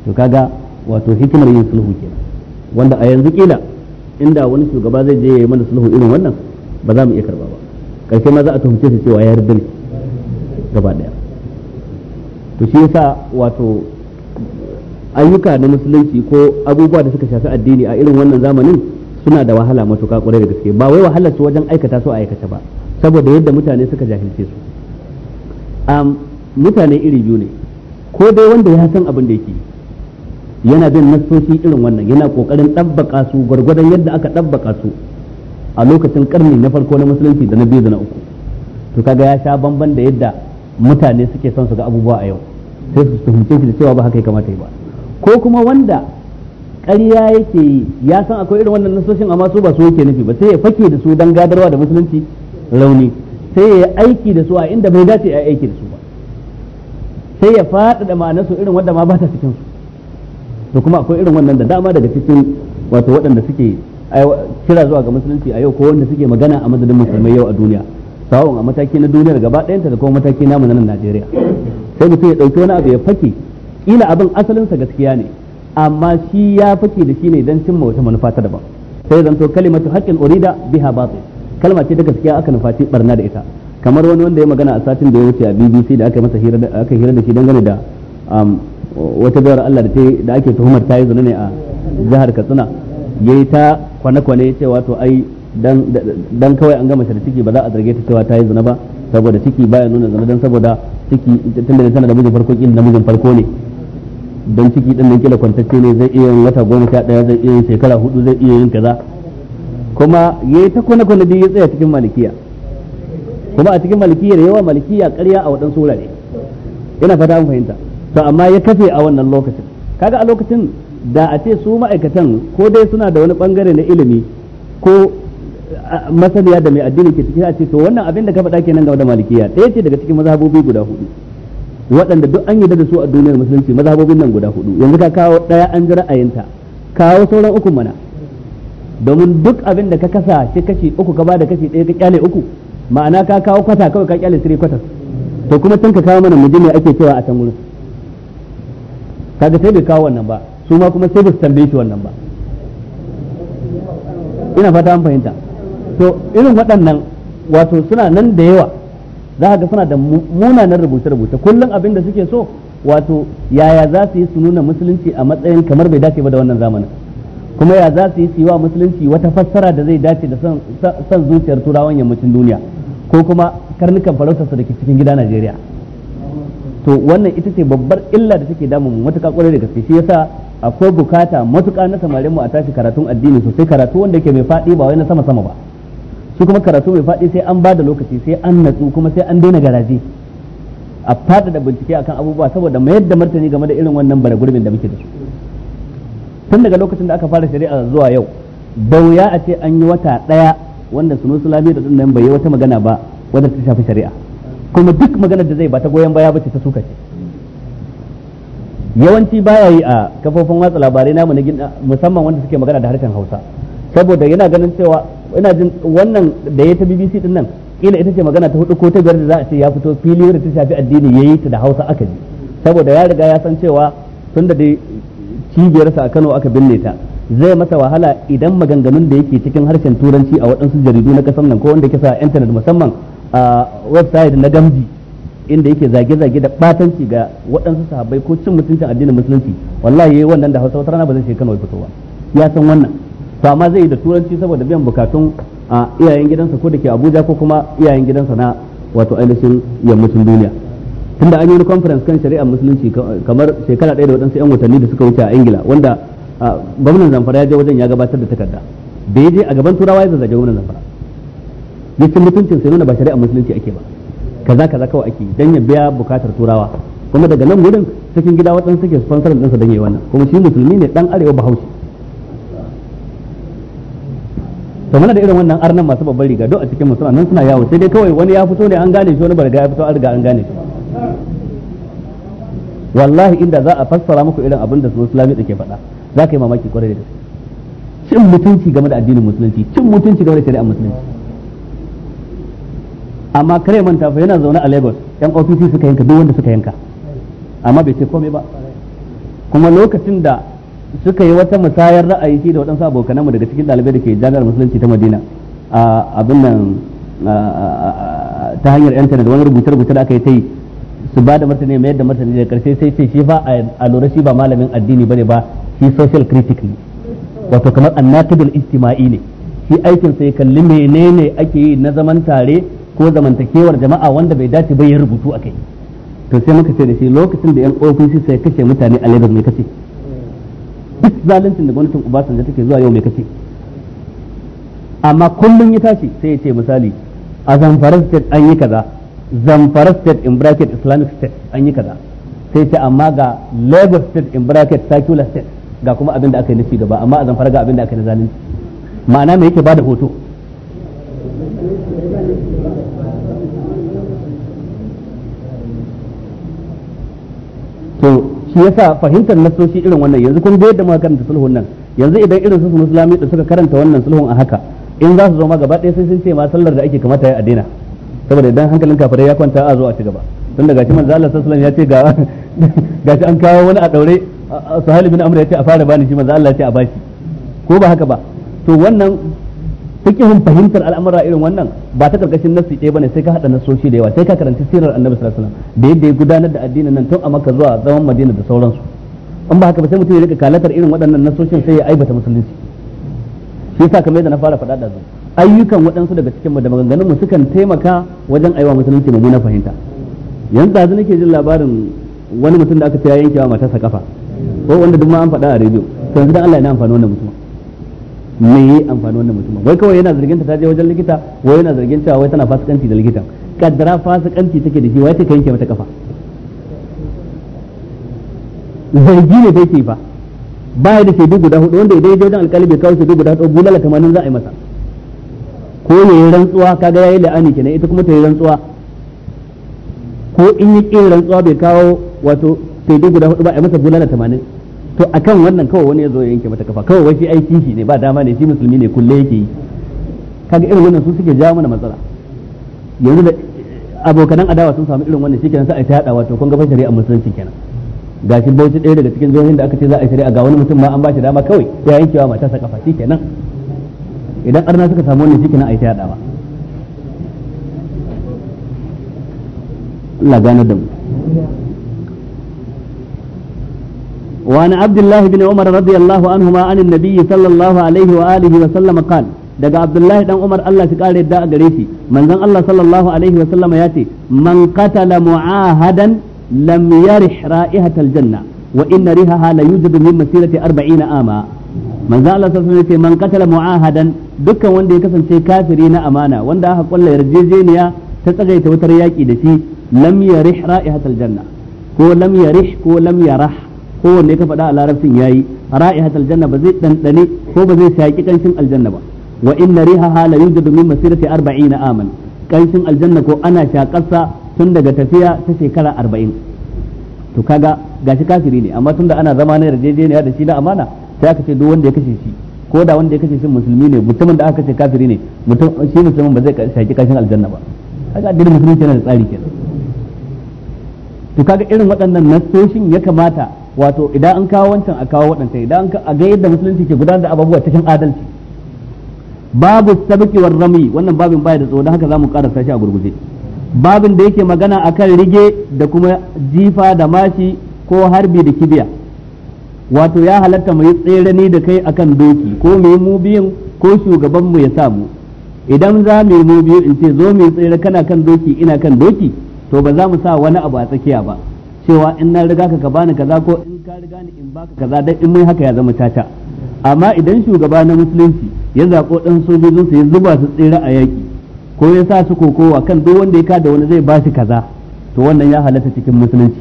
to kaga wato hikimar yin sulhu kenan wanda a yanzu kila inda wani shugaba zai je ya yi mana sulhu irin wannan ba za mu iya karba ba karshe ma za a tuhumce su cewa ya yarda gaba daya to shi yasa wato ayyuka na musulunci ko abubuwa da suka shafi addini a irin wannan zamanin suna da wahala matuƙa ƙwarai da gaske ba wai wahalar su wajen aikata su a aikata ba saboda yadda mutane suka jahilce su mutane iri biyu ne ko dai wanda ya san abin da yake yana bin nasoshi irin wannan yana kokarin ɗabbaka su gwargwadon yadda aka ɗabbaka su a lokacin karni na farko na musulunci da na biyu da na uku to kaga ya sha bamban da yadda mutane suke son su ga abubuwa a yau sai su fahimce shi da cewa ba haka ya kamata yi ba ko kuma wanda ƙarya yake yi ya san akwai irin wannan nasoshin amma su ba su yake nufi ba sai ya fake da su don gadarwa da musulunci rauni sai ya aiki da su a inda bai dace a aiki da su ba sai ya faɗi da ma'anar su irin wanda ma ba ta cikin su to kuma akwai irin wannan da dama daga cikin wato waɗanda suke kira zuwa ga musulunci a yau ko wanda suke magana a madadin musulmai yau a duniya sawon a mataki na duniyar gaba ɗayanta da kuma mataki namu na nan Najeriya sai mutum ya ɗauki wani abu ya fake ila abin asalinsa gaskiya ne amma shi ya fake da shi ne don cimma wata manufa ta daban sai zan to kalimatu haqqin urida biha batil kalma ce ta gaskiya aka nufaci barna da ita kamar wani wanda ya magana a satin da ya wuce a BBC da aka masa hira da aka hira da shi dangane da um, wata bayar Allah da da ake tuhumar ta yi zuna ne a jihar Katsina yayi ta kwane-kwane cewa to ai dan kawai an gama da ciki ba za a zarge ta cewa ta yi zuna ba saboda ciki baya nuna zuna dan saboda ciki tunda tana da mijin farko kin namijin farko ne don ciki din nan kila kwantacce ne zai iya yin wata goma sha ɗaya zai iya yin shekara hudu zai iya yin kaza kuma yayi ta kwana kwana ya tsaya cikin malikiya kuma a cikin malikiya da yawa malikiya ƙarya a waɗansu wurare ina fata an fahimta to amma ya kafe a wannan lokacin kaga a lokacin da a ce su ma'aikatan ko dai suna da wani bangare na ilimi ko masaniya da mai addini ke cikin a ce to wannan abin da ka faɗa kenan game da malikiya ɗaya ce daga cikin mazhabobi guda hudu waɗanda duk an yi da su a duniyar musulunci mazhabobin nan guda hudu yanzu ka kawo ɗaya an ji ra'ayinta kawo sauran uku mana domin duk abin da ka kasa shi kashi uku ka bada kashi ɗaya ka kyale uku ma'ana ka kawo kwata kawai ka kyale three kwatas to kuma can ka kawo mana mu me ake cewa a can gurin kaga sai bai kawo wannan ba su ma kuma sai ba su tambaye shi wannan ba ina fata an fahimta to irin waɗannan wato suna nan da yawa za ka ga suna da munanan rubuce-rubuce kullum abin da suke so wato yaya za su yi su nuna musulunci a matsayin kamar bai dace ba da wannan zamanin kuma ya za su yi su yi wa musulunci wata fassara da zai dace da son zuciyar turawan yammacin duniya ko kuma karnukan su da ke cikin gida najeriya to wannan ita ce babbar illa da take damu matuƙa ƙwarai da gaske shi yasa akwai bukata matuƙa na samarin mu a tashi karatun addini sosai karatu wanda ke mai faɗi ba wai na sama sama ba shi kuma karatu mai faɗi sai an bada da lokaci sai an natsu kuma sai an daina garaje a faɗaɗa bincike akan abubuwa saboda mayar yadda martani game da irin wannan baragurbin gurbin da muke da su tun daga lokacin da aka fara shari'a zuwa yau da a ce an yi wata ɗaya wanda sunu sulami da dinnan bai yi wata magana ba wanda ta shafi shari'a kuma duk maganar da zai ba ta goyon baya bace ta suka ce yawanci baya yi a kafofin watsa labarai namu na musamman wanda suke magana da harshen Hausa saboda yana ganin cewa ina jin wannan da ya ta BBC din nan kila ita ce magana ta hudu ko ta biyar da za a ce ya fito fili da ta shafi addini yayi ta da Hausa aka ji saboda ya riga ya san cewa tun da dai cibiyarsa a Kano aka binne ta zai masa wahala idan maganganun da yake cikin harshen turanci a waɗansu jaridu na kasar nan ko wanda yake sa intanet musamman a website na gamji inda yake zage-zage da batanci ga waɗansu sahabbai ko cin mutuncin addinin musulunci wallahi yayi wannan da Hausa wata rana ba zai shekano ya fito ba ya san wannan to amma zai yi da turanci saboda biyan bukatun a iyayen gidansa ko da ke abuja ko kuma iyayen gidansa na wato ainihin yammacin duniya tunda an yi wani conference kan shari'ar musulunci kamar shekara ɗaya da waɗansu 'yan watanni da suka wuce a ingila wanda gwamnan zamfara ya je wajen ya gabatar da takarda da ya je a gaban turawa ya zazzage gwamnan zamfara ya ci mutuncin sai nuna ba shari'ar musulunci ake ba kaza kaza kawai ake dan ya biya bukatar turawa kuma daga nan wurin cikin gida waɗansu suke sponsor ɗinsa don yi wannan kuma shi musulmi ne dan arewa bahaushe to mana da irin wannan arnan masu babban riga duk a cikin mutum nan suna yawo sai dai kawai wani ya fito ne an gane shi wani barga ya fito an riga an gane shi wallahi inda za a fassara muku irin abin da su musulmi da ke faɗa za ka yi mamaki kwarai da gaske cin mutunci game da addinin musulunci cin mutunci game da shari'ar musulunci amma kare manta fa yana zaune a Lagos yan ofisi suka yanka duk wanda suka yanka amma bai ce komai ba kuma lokacin da suka yi wata musayar ra'ayi shi da waɗansu abokananmu daga cikin ɗalibai da ke jami'ar musulunci ta madina a abin ta hanyar intanet wani rubuce-rubuce da aka yi ta yi su ba da martani mai da martani da karshe sai ce shi ba a lura shi ba malamin addini bane ba shi social critic ne wato kamar annatibul ijtima'i ne shi aikin sai kalli menene ake yi na zaman tare ko zamantakewar jama'a wanda bai dace ba ya rubutu akai to sai muka ce da shi lokacin da yan ofisi sai kace mutane a Lagos ne kace duk zaluncin da gwamnatin Obasanjo take zuwa yau mai kace amma kullum ya tashi sai ya ce misali a Zamfara state an yi kaza Zamfara state in bracket Islamic state an yi kaza sai ce amma ga Lagos state in bracket secular state ga kuma abin da aka yi na cigaba amma a Zamfara ga abin da aka yi na zalunci ma'ana me yake bada hoto to shi yasa fahimtar nasoshi irin wannan yanzu kun ga yadda muka karanta sulhun nan yanzu idan irin su musulmi da suka karanta wannan sulhun a haka in za su zo ma gaba ɗaya sai sun ce ma sallar da ake kamata ya daina saboda idan hankalin kafirai ya kwanta a zo a ci gaba tun da gashi manzo Allah sallallahu alaihi wasallam ya ce ga gashi an kawo wani a daure Sahal bin Amr ya ce a fara bani shi manzo Allah ya ce a bashi ko ba haka ba to wannan fiqhin fahimtar al'amura irin wannan ba ta karkashin nasu ɗaya bane sai ka hada nasoshi da yawa sai ka karanci sirar annabi sallallahu alaihi wasallam da yadda ya gudanar da addinin nan tun a maka zuwa zaman madina da sauransu in ba haka ba sai mutum ya rika kalatar irin waɗannan nasoshin sai ya aibata musulunci shi yasa kamar yadda na fara faɗa da ayyukan waɗansu daga cikin da maganganun mu sukan taimaka wajen aiwa musulunci mummuna fahimta yanzu da nake jin labarin wani mutum da aka ce yankewa matarsa kafa ko wanda duk ma an faɗa a rediyo to yanzu dan Allah ya na amfani wannan mutum me yi amfani wannan mutum wai kawai yana zargin ta je wajen likita wai yana zargin cewa wai tana fasikanci da likitan kaddara fasikanci take da shi wai take yanke mata kafa zargi ne take ke ba ya da shaidu guda hudu wanda idan ya je wajen alkali bai kawo shaidu guda hudu bulala tamanin za a yi masa ko ya yi rantsuwa kaga yayi la'ani kenan ita kuma ta yi rantsuwa ko in yi kin rantsuwa bai kawo wato shaidu guda hudu ba a yi masa bulala tamanin to akan wannan kawai wani ya zo yanke mata kafa kawai wai shi aiki shi ne ba dama ne shi musulmi ne kulle yake yi kaga irin wannan su suke jawo mana matsala yanzu da abokanan adawa sun samu irin wannan shikenan sai a ta hadawa wato kun ga shari'a musulunci kenan shi bauchi ɗaya daga cikin jihohin da aka ce za a shari'a ga wani mutum ma an ba shi dama kawai ya yankewa sa kafa shikenan idan arna suka samu wannan shikenan a ta ba Allah gane da mu وعن عبد bin umar عمر رضي الله عنهما عن النبي صلى الله عليه وآله وسلم daga Abdullahi dan Umar Allah shi kare da a gare shi manzon Allah sallallahu alaihi wa sallama ya ce man qatala mu'ahadan lam yarih ra'ihatal janna wa inna rihaha la yujadu min masirati 40 ama manzon Allah sallallahu alaihi wa sallam ya mu'ahadan dukkan wanda ya kasance kafiri na amana wanda aka kulla yarjejeniya ta tsagaita wutar yaki da shi lam yarih ra'ihatal janna ko lam ko lam kowanne ka faɗa a larabcin yayi ra'ihat aljanna ba zai dandane ko ba zai shaki kanshin aljanna ba wa inna rihaha domin yujadu min masirati 40 aman kanshin aljanna ko ana shakarsa tun daga tafiya ta shekara 40 to kaga gashi kafiri ne amma tunda ana zama na yarjejeniya da shi da amana sai aka ce duk wanda ya kashe shi ko da wanda ya kashe shi musulmi ne mutumin da aka ce kafiri ne mutum shi musulmin ba zai shaki kashin aljanna ba kaga addinin musulunci yana da tsari kenan to kaga irin waɗannan nasoshin ya kamata wato idan an kawo wancan a kawo waɗanta idan a ga yadda musulunci ke gudanar da abubuwa cikin adalci babu sabiki war rami wannan babin baya da tsoro don haka zamu karanta shi a gurguje babin da yake magana akan rige da kuma jifa da mashi ko harbi da kibiya wato ya halatta mu yi tsere ni da kai akan doki ko mai mu biyun ko shugaban mu ya samu idan za mu yi mu biyu in ce zo mu yi tsere kana kan doki ina kan doki to ba za mu sa wani abu a tsakiya ba cewa in na riga ka ka bani kaza ko in ka riga ni in baka kaza dan in mai haka ya zama caca amma idan shugaba na musulunci ya zabo dan sojojin su ya zuba su tsira a yaki ko ya sa su kokowa kan duk wanda ya kada wani zai bashi kaza to wannan ya halatta cikin musulunci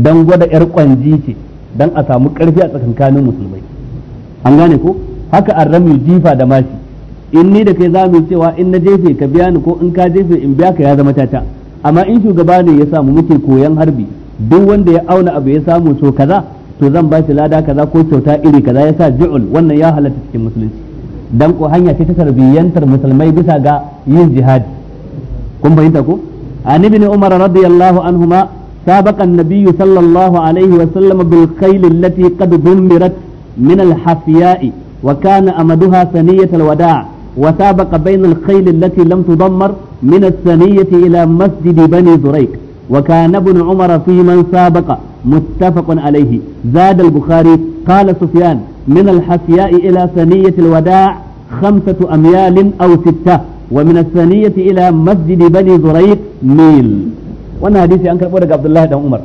dan gwada yar kwanji ce dan a samu karfi a tsakankanin musulmai an gane ko haka rami jifa da mashi in ni da kai za mu cewa in na jefe ka biya ni ko in ka jefe in biya ka ya zama caca amma in shugaba ne ya samu muke koyan harbi duk wanda ya auna abu ya samu so kaza to zan ba shi lada kaza ko kyauta iri kaza ya sa ju'ul wannan ya halatta cikin musulunci dan ko hanya ce ta tarbiyyantar musulmai bisa ga yin jihadi kun bayyanta ko an ibn umar radiyallahu anhuma sabaqan nabiyyu sallallahu alaihi wa sallam bil khayl allati qad dumirat min al hafiya'i wa kana amaduha saniyat al wada' وسابق بين الخيل التي لم تضمر من الثنية إلى مسجد بني زريق وكان ابن عمر في من سابق متفق عليه زاد البخاري قال سفيان من الحفياء إلى ثنية الوداع خمسة أميال أو ستة ومن الثنية إلى مسجد بني زريق ميل وانا حديثي أنكر بودك عبد الله بن عمر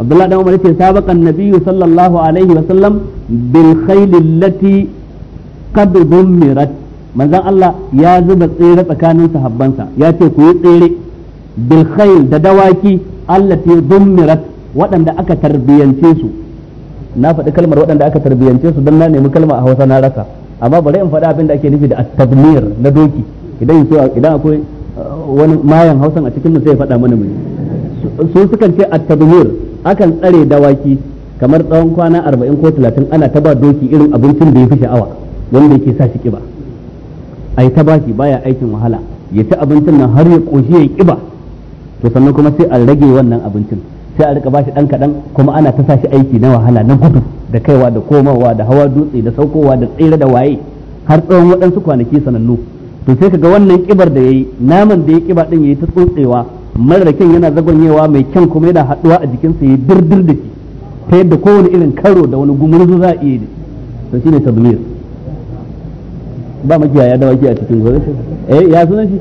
عبد الله بن عمر سابق النبي صلى الله عليه وسلم بالخيل التي قد ضمرت manzon Allah ya zuba tsere tsakanin sahabbansa ya ce ku yi tsere bilkhail da dawaki allati dummirat waɗanda aka tarbiyance su na faɗi kalmar waɗanda aka tarbiyance su don na nemi kalma a Hausa na rasa amma bari in faɗi abin da ake nufi da at-tadmir na doki idan so idan akwai uh, wani mayan Hausan a cikin mu sai ya faɗa mana mu su sukan ce at-tadmir akan tsare dawaki kamar tsawon kwana 40 ko 30 ana ta ba doki irin abincin da ya fi sha'awa wanda yake sa shi kiba ai ta baya aikin wahala ya ci abincin nan har ya koshi ya kiba to sannan kuma sai a rage wannan abincin sai a rika bashi dan kadan kuma ana ta sashi aiki na wahala na gudu da kaiwa da komawa da hawa dutse da saukowa da tsira da waye har tsawon waɗansu kwanaki sanannu to sai kaga wannan kibar da yayi naman da ya kiba din yayi ta tsotsewa marrakin yana zagonyewa mai kyan kuma yana haduwa a jikinsa yayi dirdir da shi ta yadda kowane irin karo da wani gumurzu za a iya yi to shine tadmir ba makiyaya a cikin gore eh ya sunan shi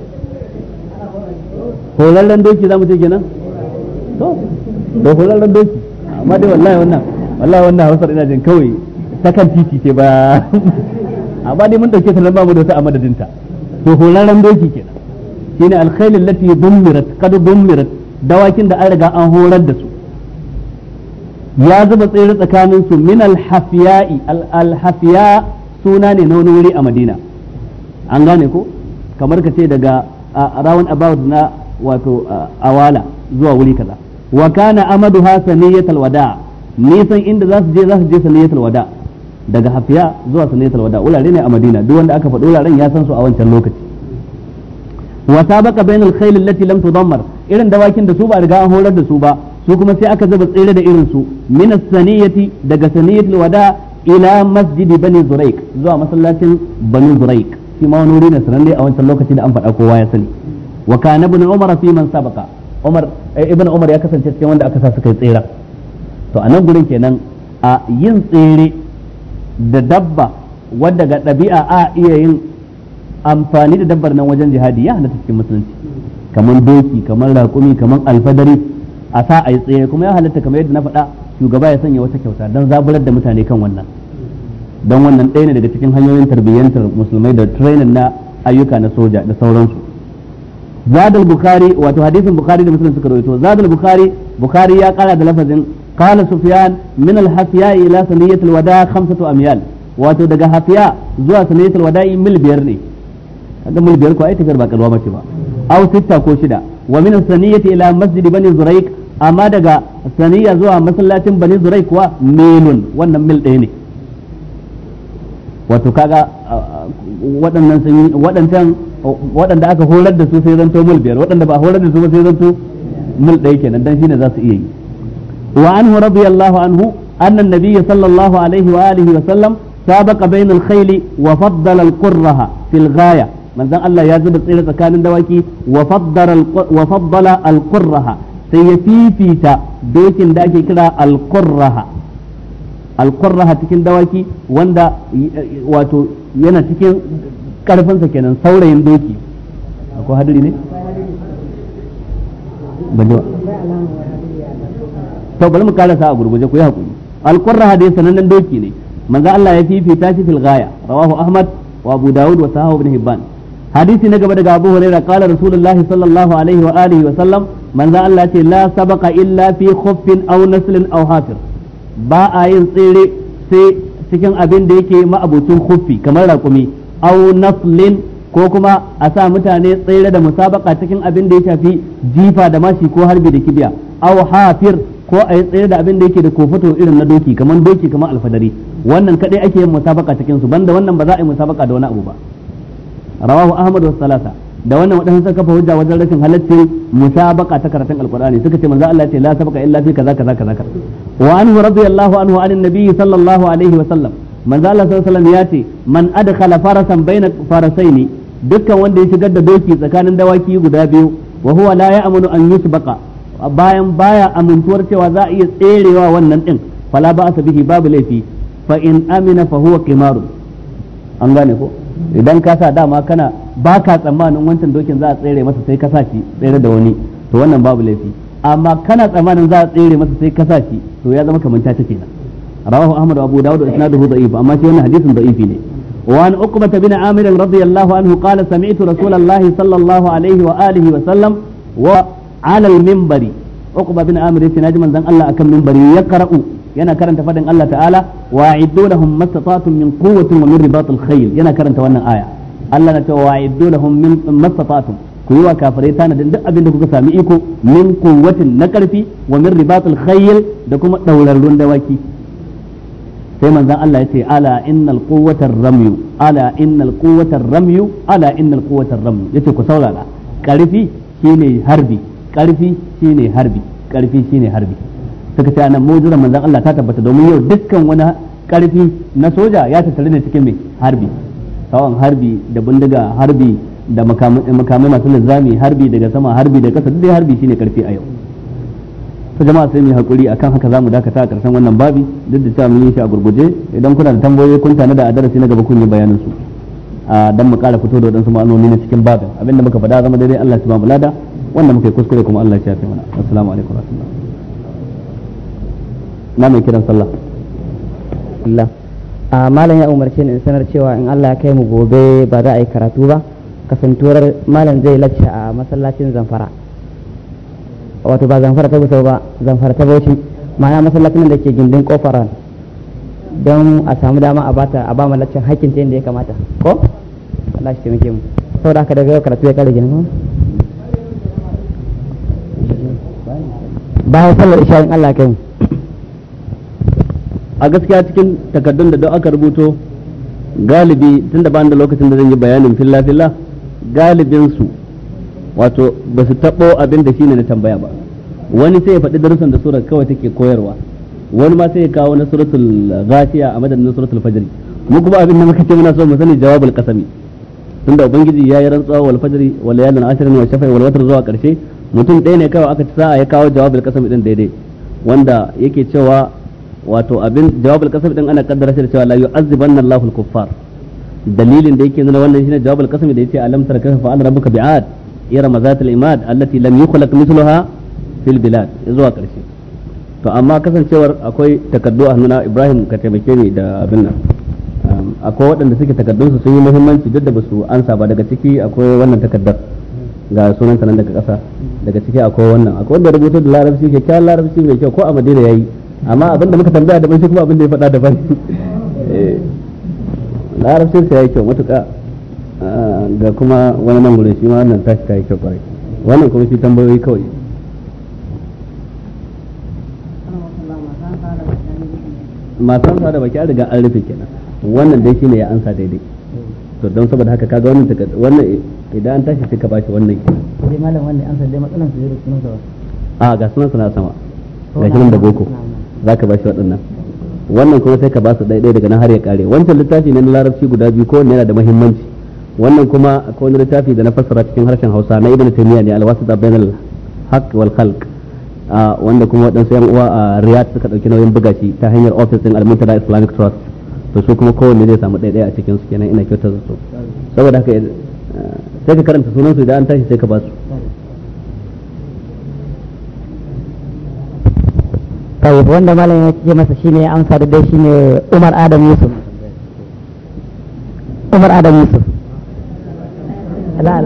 holallen doki za mu ce kenan to to holallen doki amma dai wallahi wannan wallahi wannan hausar ina jin kawai ta kan titi ce ba amma dai mun dauke ta nan ba mu da wata a madadinta to holallen doki kenan shine alkhayl allati dumirat qad dumirat dawakin da an riga an horar da su ya zuba tsere tsakanin su min alhafiya'i alhafiya suna ne na wani wuri a madina an gane ko kamar ka ce daga rawan about na wato awala zuwa wuri kaza wa kana amaduha saniyatal wada nisan inda za su je za je wada daga hafiya zuwa saniyatal wada wurare ne a madina duk wanda aka faɗi wuraren ya san su a wancan lokaci wa sabaqa bainal khayl allati lam tudammar irin dawakin da su ba riga an horar da su ba su kuma sai aka zaba tsere da irin su min saniyati daga saniyatul wada ila masjidi bani zuraik zuwa masallacin bani zuraik shi ma wani wuri ne sananne a wancan lokaci da an faɗa kowa ya sani wa kana ibn umar fi man umar eh, ibn umar ya kasance cikin wanda aka sa suka yi tsira to a nan gurin kenan a yin tsere da dabba wadda ga ɗabi'a a iya yin amfani da dabbar nan wajen jihadi ya halatta cikin musulunci kamar doki kamar raƙumi kamar alfadari a sa a yi tsere kuma ya halatta kamar yadda na faɗa shugaba ya sanya wata kyauta don zaburar da mutane kan wannan don wannan ɗaya ne daga cikin hanyoyin tarbiyyantar musulmai da trainin na ayyuka na soja da sauransu زاد البخاري وحديث البخاري لمسلم سكرويته زاد البخاري بخاري يا قال هذا لفظ قال سفيان من الحفياء إلى ثنية الوداع a أميال wato daga hafiya zuwa sanayatul wada'i mil biyar ne kaga mil biyar ko ai tafiyar ba kalwa bace ba aw sitta ko shida wa min saniyati ila masjid bani zuraik amma daga saniya zuwa masallacin bani zuraik kuwa milun wannan mil ɗaya wato kaga waɗannan sun waɗancan waɗanda aka horar da su sai zanto mul biyar waɗanda ba horar da su ba sai zanto mul ɗaya kenan dan shine za su iya yi wa anhu radiyallahu anhu anna an-nabiyya sallallahu alaihi wa alihi wa sallam sabaqa bainal khayl wa faddala al-qurraha fil ghaya manzon Allah ya zuba tsira tsakanin dawaki wa faddala wa faddala al-qurraha sai ya fifita dokin da ake kira al-qurraha al-qurraha cikin dawaki wanda eh, eh, wato yana cikin karfinsa kenan saurayin doki akwai hadari ne balewa to bari mu karasa a gurguje ku yi haƙuri alqurra hadisi sanannen doki ne manzo Allah ya fifita shi fil ghaya rawahu ahmad wa abu daud wa sahabu ibn hibban hadisi na gaba daga abu hurairah qala rasulullahi sallallahu alaihi wa alihi wa sallam manzo Allah ce la sabaqa illa fi khuffin aw naslin aw hafir ba a yin tsere sai cikin abin da yake ma'abucin khuffi kamar raƙumi aw naslin ko kuma a sa mutane tsere da musabaka cikin abin da ya shafi jifa da mashi ko harbi da kibiya aw hafir ko a yi tsere da abin da yake da kofato irin na doki kamar doki kamar alfadari wannan kadai ake yin musabaka cikin su banda wannan ba za a yi musabaka da wani abu ba rawahu ahmad wa salasa da wannan wadannan suka kafa hujja wajen rashin halaccin musabaka ta karatun alqur'ani suka ce manzo Allah ya ce la sabaka illa fi kaza kaza kaza wa anhu radiyallahu anhu anin nabiyyi sallallahu alaihi wa sallam manzo Allah sallallahu alaihi ya ce man adkhala farasan baina farasaini dukkan wanda ya shigar da doki tsakanin dawaki guda biyu wa huwa la ya'munu an yusbaqa bayan baya amintuwar cewa za a iya tserewa wannan din fala ba bihi babu laifi fa in amina fa huwa qimaru an gane ko idan ka sa dama kana baka tsammanin wancan dokin za a tsere masa sai ka saki tsere da wani to wannan babu laifi amma kana tsammanin za a tsere masa sai ka saki to ya zama kamar ta take rawahu ahmad wa abu daud wa isnaduhu da'if amma shi wannan hadisin da'ifi ne وعن عقبة بن عامر رضي الله عنه قال سمعت رسول الله صلى الله عليه وآله وسلم وعلى المنبر عقبة بن عامر يتناجم ذن الله أكم منبر يقرأ ينا كرنت فدن الله تعالى واعدوا لهم ما استطعتم من قوة ومن رباط الخيل ينا كرنت وانا آية الله نتوى واعدوا لهم من ما استطعتم كيوا كافري تانا دن دق أبين دكوك سامئيكو من قوة نكرفي ومن رباط الخيل دكوم دولار دواكي sai manzan Allah ya ce ala innal quwwatar ramyu ala innal quwwatar ramyu ala innal quwwatar ramyu yace ku saurara karfi shine harbi karfi shine harbi karfi shine harbi suka ce anan mujiran manzan Allah ta tabbata domin yau dukkan wani karfi na soja ya tattare ne cikin mai harbi sawan harbi da bindiga harbi da makamai masu linzami harbi daga sama harbi daga kasa duk harbi shine karfi a yau to jama'a sai mu yi hakuri akan haka zamu dakata a karshen wannan babi duk da cewa mun yi shi a gurguje idan kuna da tambayoyi kun tana da darasi na gaba kun yi bayanin su a dan mu kara fito da wadansu ma'anoni na cikin babin abinda muka faɗa zama daidai Allah ya ba mu lada wanda muka yi kuskure kuma Allah ya shafe mana assalamu alaikum warahmatullahi na mai kiran sallah Allah a malam ya umarce ni in sanar cewa in Allah ya kai mu gobe ba za a yi karatu ba kasantuwar malam zai lacce a masallacin zamfara wato ba zamfara ta gusau ba zamfara ta bauchi ma'ana masallacin da ke gindin kofar don a samu dama a bata a ba mallacin hakkin ta yadda ya kamata ko Allah shi taimake mu saboda haka daga karatu ya kare gina ba sallar isha in Allah kai a gaskiya cikin takardun da aka rubuto galibi tunda ba da lokacin da zan yi bayanin filla filla galibinsu su wato ba su taɓo abin da shine na tambaya ba wani sai ya faɗi darussan da surar kawai take koyarwa wani ma sai ya kawo na suratul ghashiya a madadin na suratul fajr mu kuma abin da muka ce muna so mu sani jawabul qasami tunda ubangiji yi rantsuwa wal fajri wal layalin ashrin wa shafa'i wal watr zuwa karshe mutum ɗaya ne kawai aka sa'a ya kawo jawabul qasami din daidai wanda yake cewa wato abin jawabul qasami din ana kaddara shi da cewa la yu'azzibanna Allahul kuffar dalilin da yake nuna wannan shine jawabul qasami da yace alam tarka fa'al rabbuka bi'ad irama zatul imad allati lam yukhlaq mithluha fil bilad zuwa karshe to amma kasancewar akwai takaddu a hannuna Ibrahim ka taimake ni da abin nan akwai waɗanda suke takaddunsu sun yi muhimmanci duk da ba su ansa ba daga ciki akwai wannan takaddar ga sunan nan daga ƙasa daga ciki akwai wannan akwai wanda rubutu da larabci ke kyan larabci mai kyau ko a madina yi amma abin da muka tambaya da shi kuma abin da ya faɗa daban larabcinsa ya yi kyau matuƙa ga kuma wani nan gure shi ma wannan tashi ta yi kyau kwarai wannan kuma shi tambayoyi kawai masu sa da baki an riga an rufe kenan wannan dai shine ya ansa daidai to don saboda haka kaga wannan ta wannan idan an tashi sai ka bashi wannan kenan dai malam wannan ansa dai matsalan su da sunan sa a ga sunan sa na sama ga shi da boko zaka bashi waɗannan wannan kuma sai ka ba su daidai daga nan har ya kare wancan littafi ne na larabci guda biyu kowanne yana da muhimmanci wannan kuma akwai wani littafi da na fassara cikin harshen Hausa na Ibn Taymiyyah ne al-wasita al haqq wal khalq wanda kuma waɗansu yan uwa a Riyadh suka dauki nauyin buga shi ta hanyar office din Al-Muntada Islamic Trust to su kuma kowanne zai samu ɗaya a cikin su kenan ina kyautar su saboda haka eh, sai ka karanta sunan su idan an tashi sai ka ba su tayyib wanda malam ya ce masa shine amsa da dai shine Umar Adam Yusuf Umar Adam Yusuf لا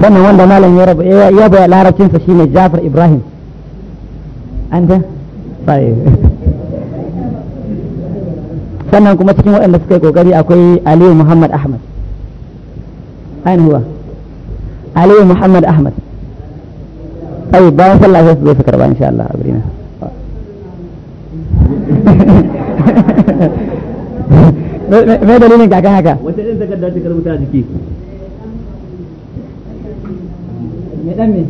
sannan wanda malam ya rabu ya baya larabcinsa ne Jafar Ibrahim an ta sannan kuma cikin waɗanda suka yi kokari akwai Aliyu Muhammad Ahmad ainihin huwa Aliyu Muhammad Ahmad طيب باين صلى الله عليه وسلم ذكر ان شاء a birnin me dalilin kakan haka wata irin takarda ta karbuta a jiki me dan me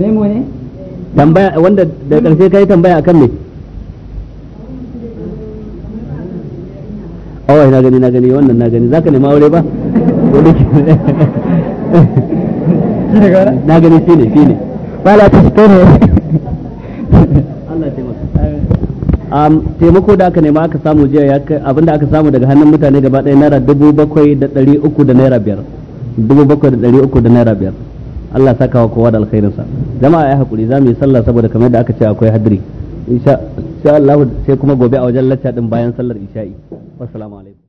memo ne tambaya wanda da karshe kai tambaya akan me oh na gani na gani wannan na gani zaka nema aure ba na gani shine shine wala ta Um, taimako da aka nema aka samu jiya ya abinda aka samu daga hannun mutane gaba ɗaya naira dubu bakwai da ɗari uku da naira biyar dubu bakwai da ɗari uku da naira biyar Allah saka wa kowa da alkhairinsa jama'a ya haƙuri za mu yi sallah saboda kamar da aka ce akwai hadiri insha Allah sai kuma gobe a wajen lacca din bayan sallar isha'i wassalamu alaikum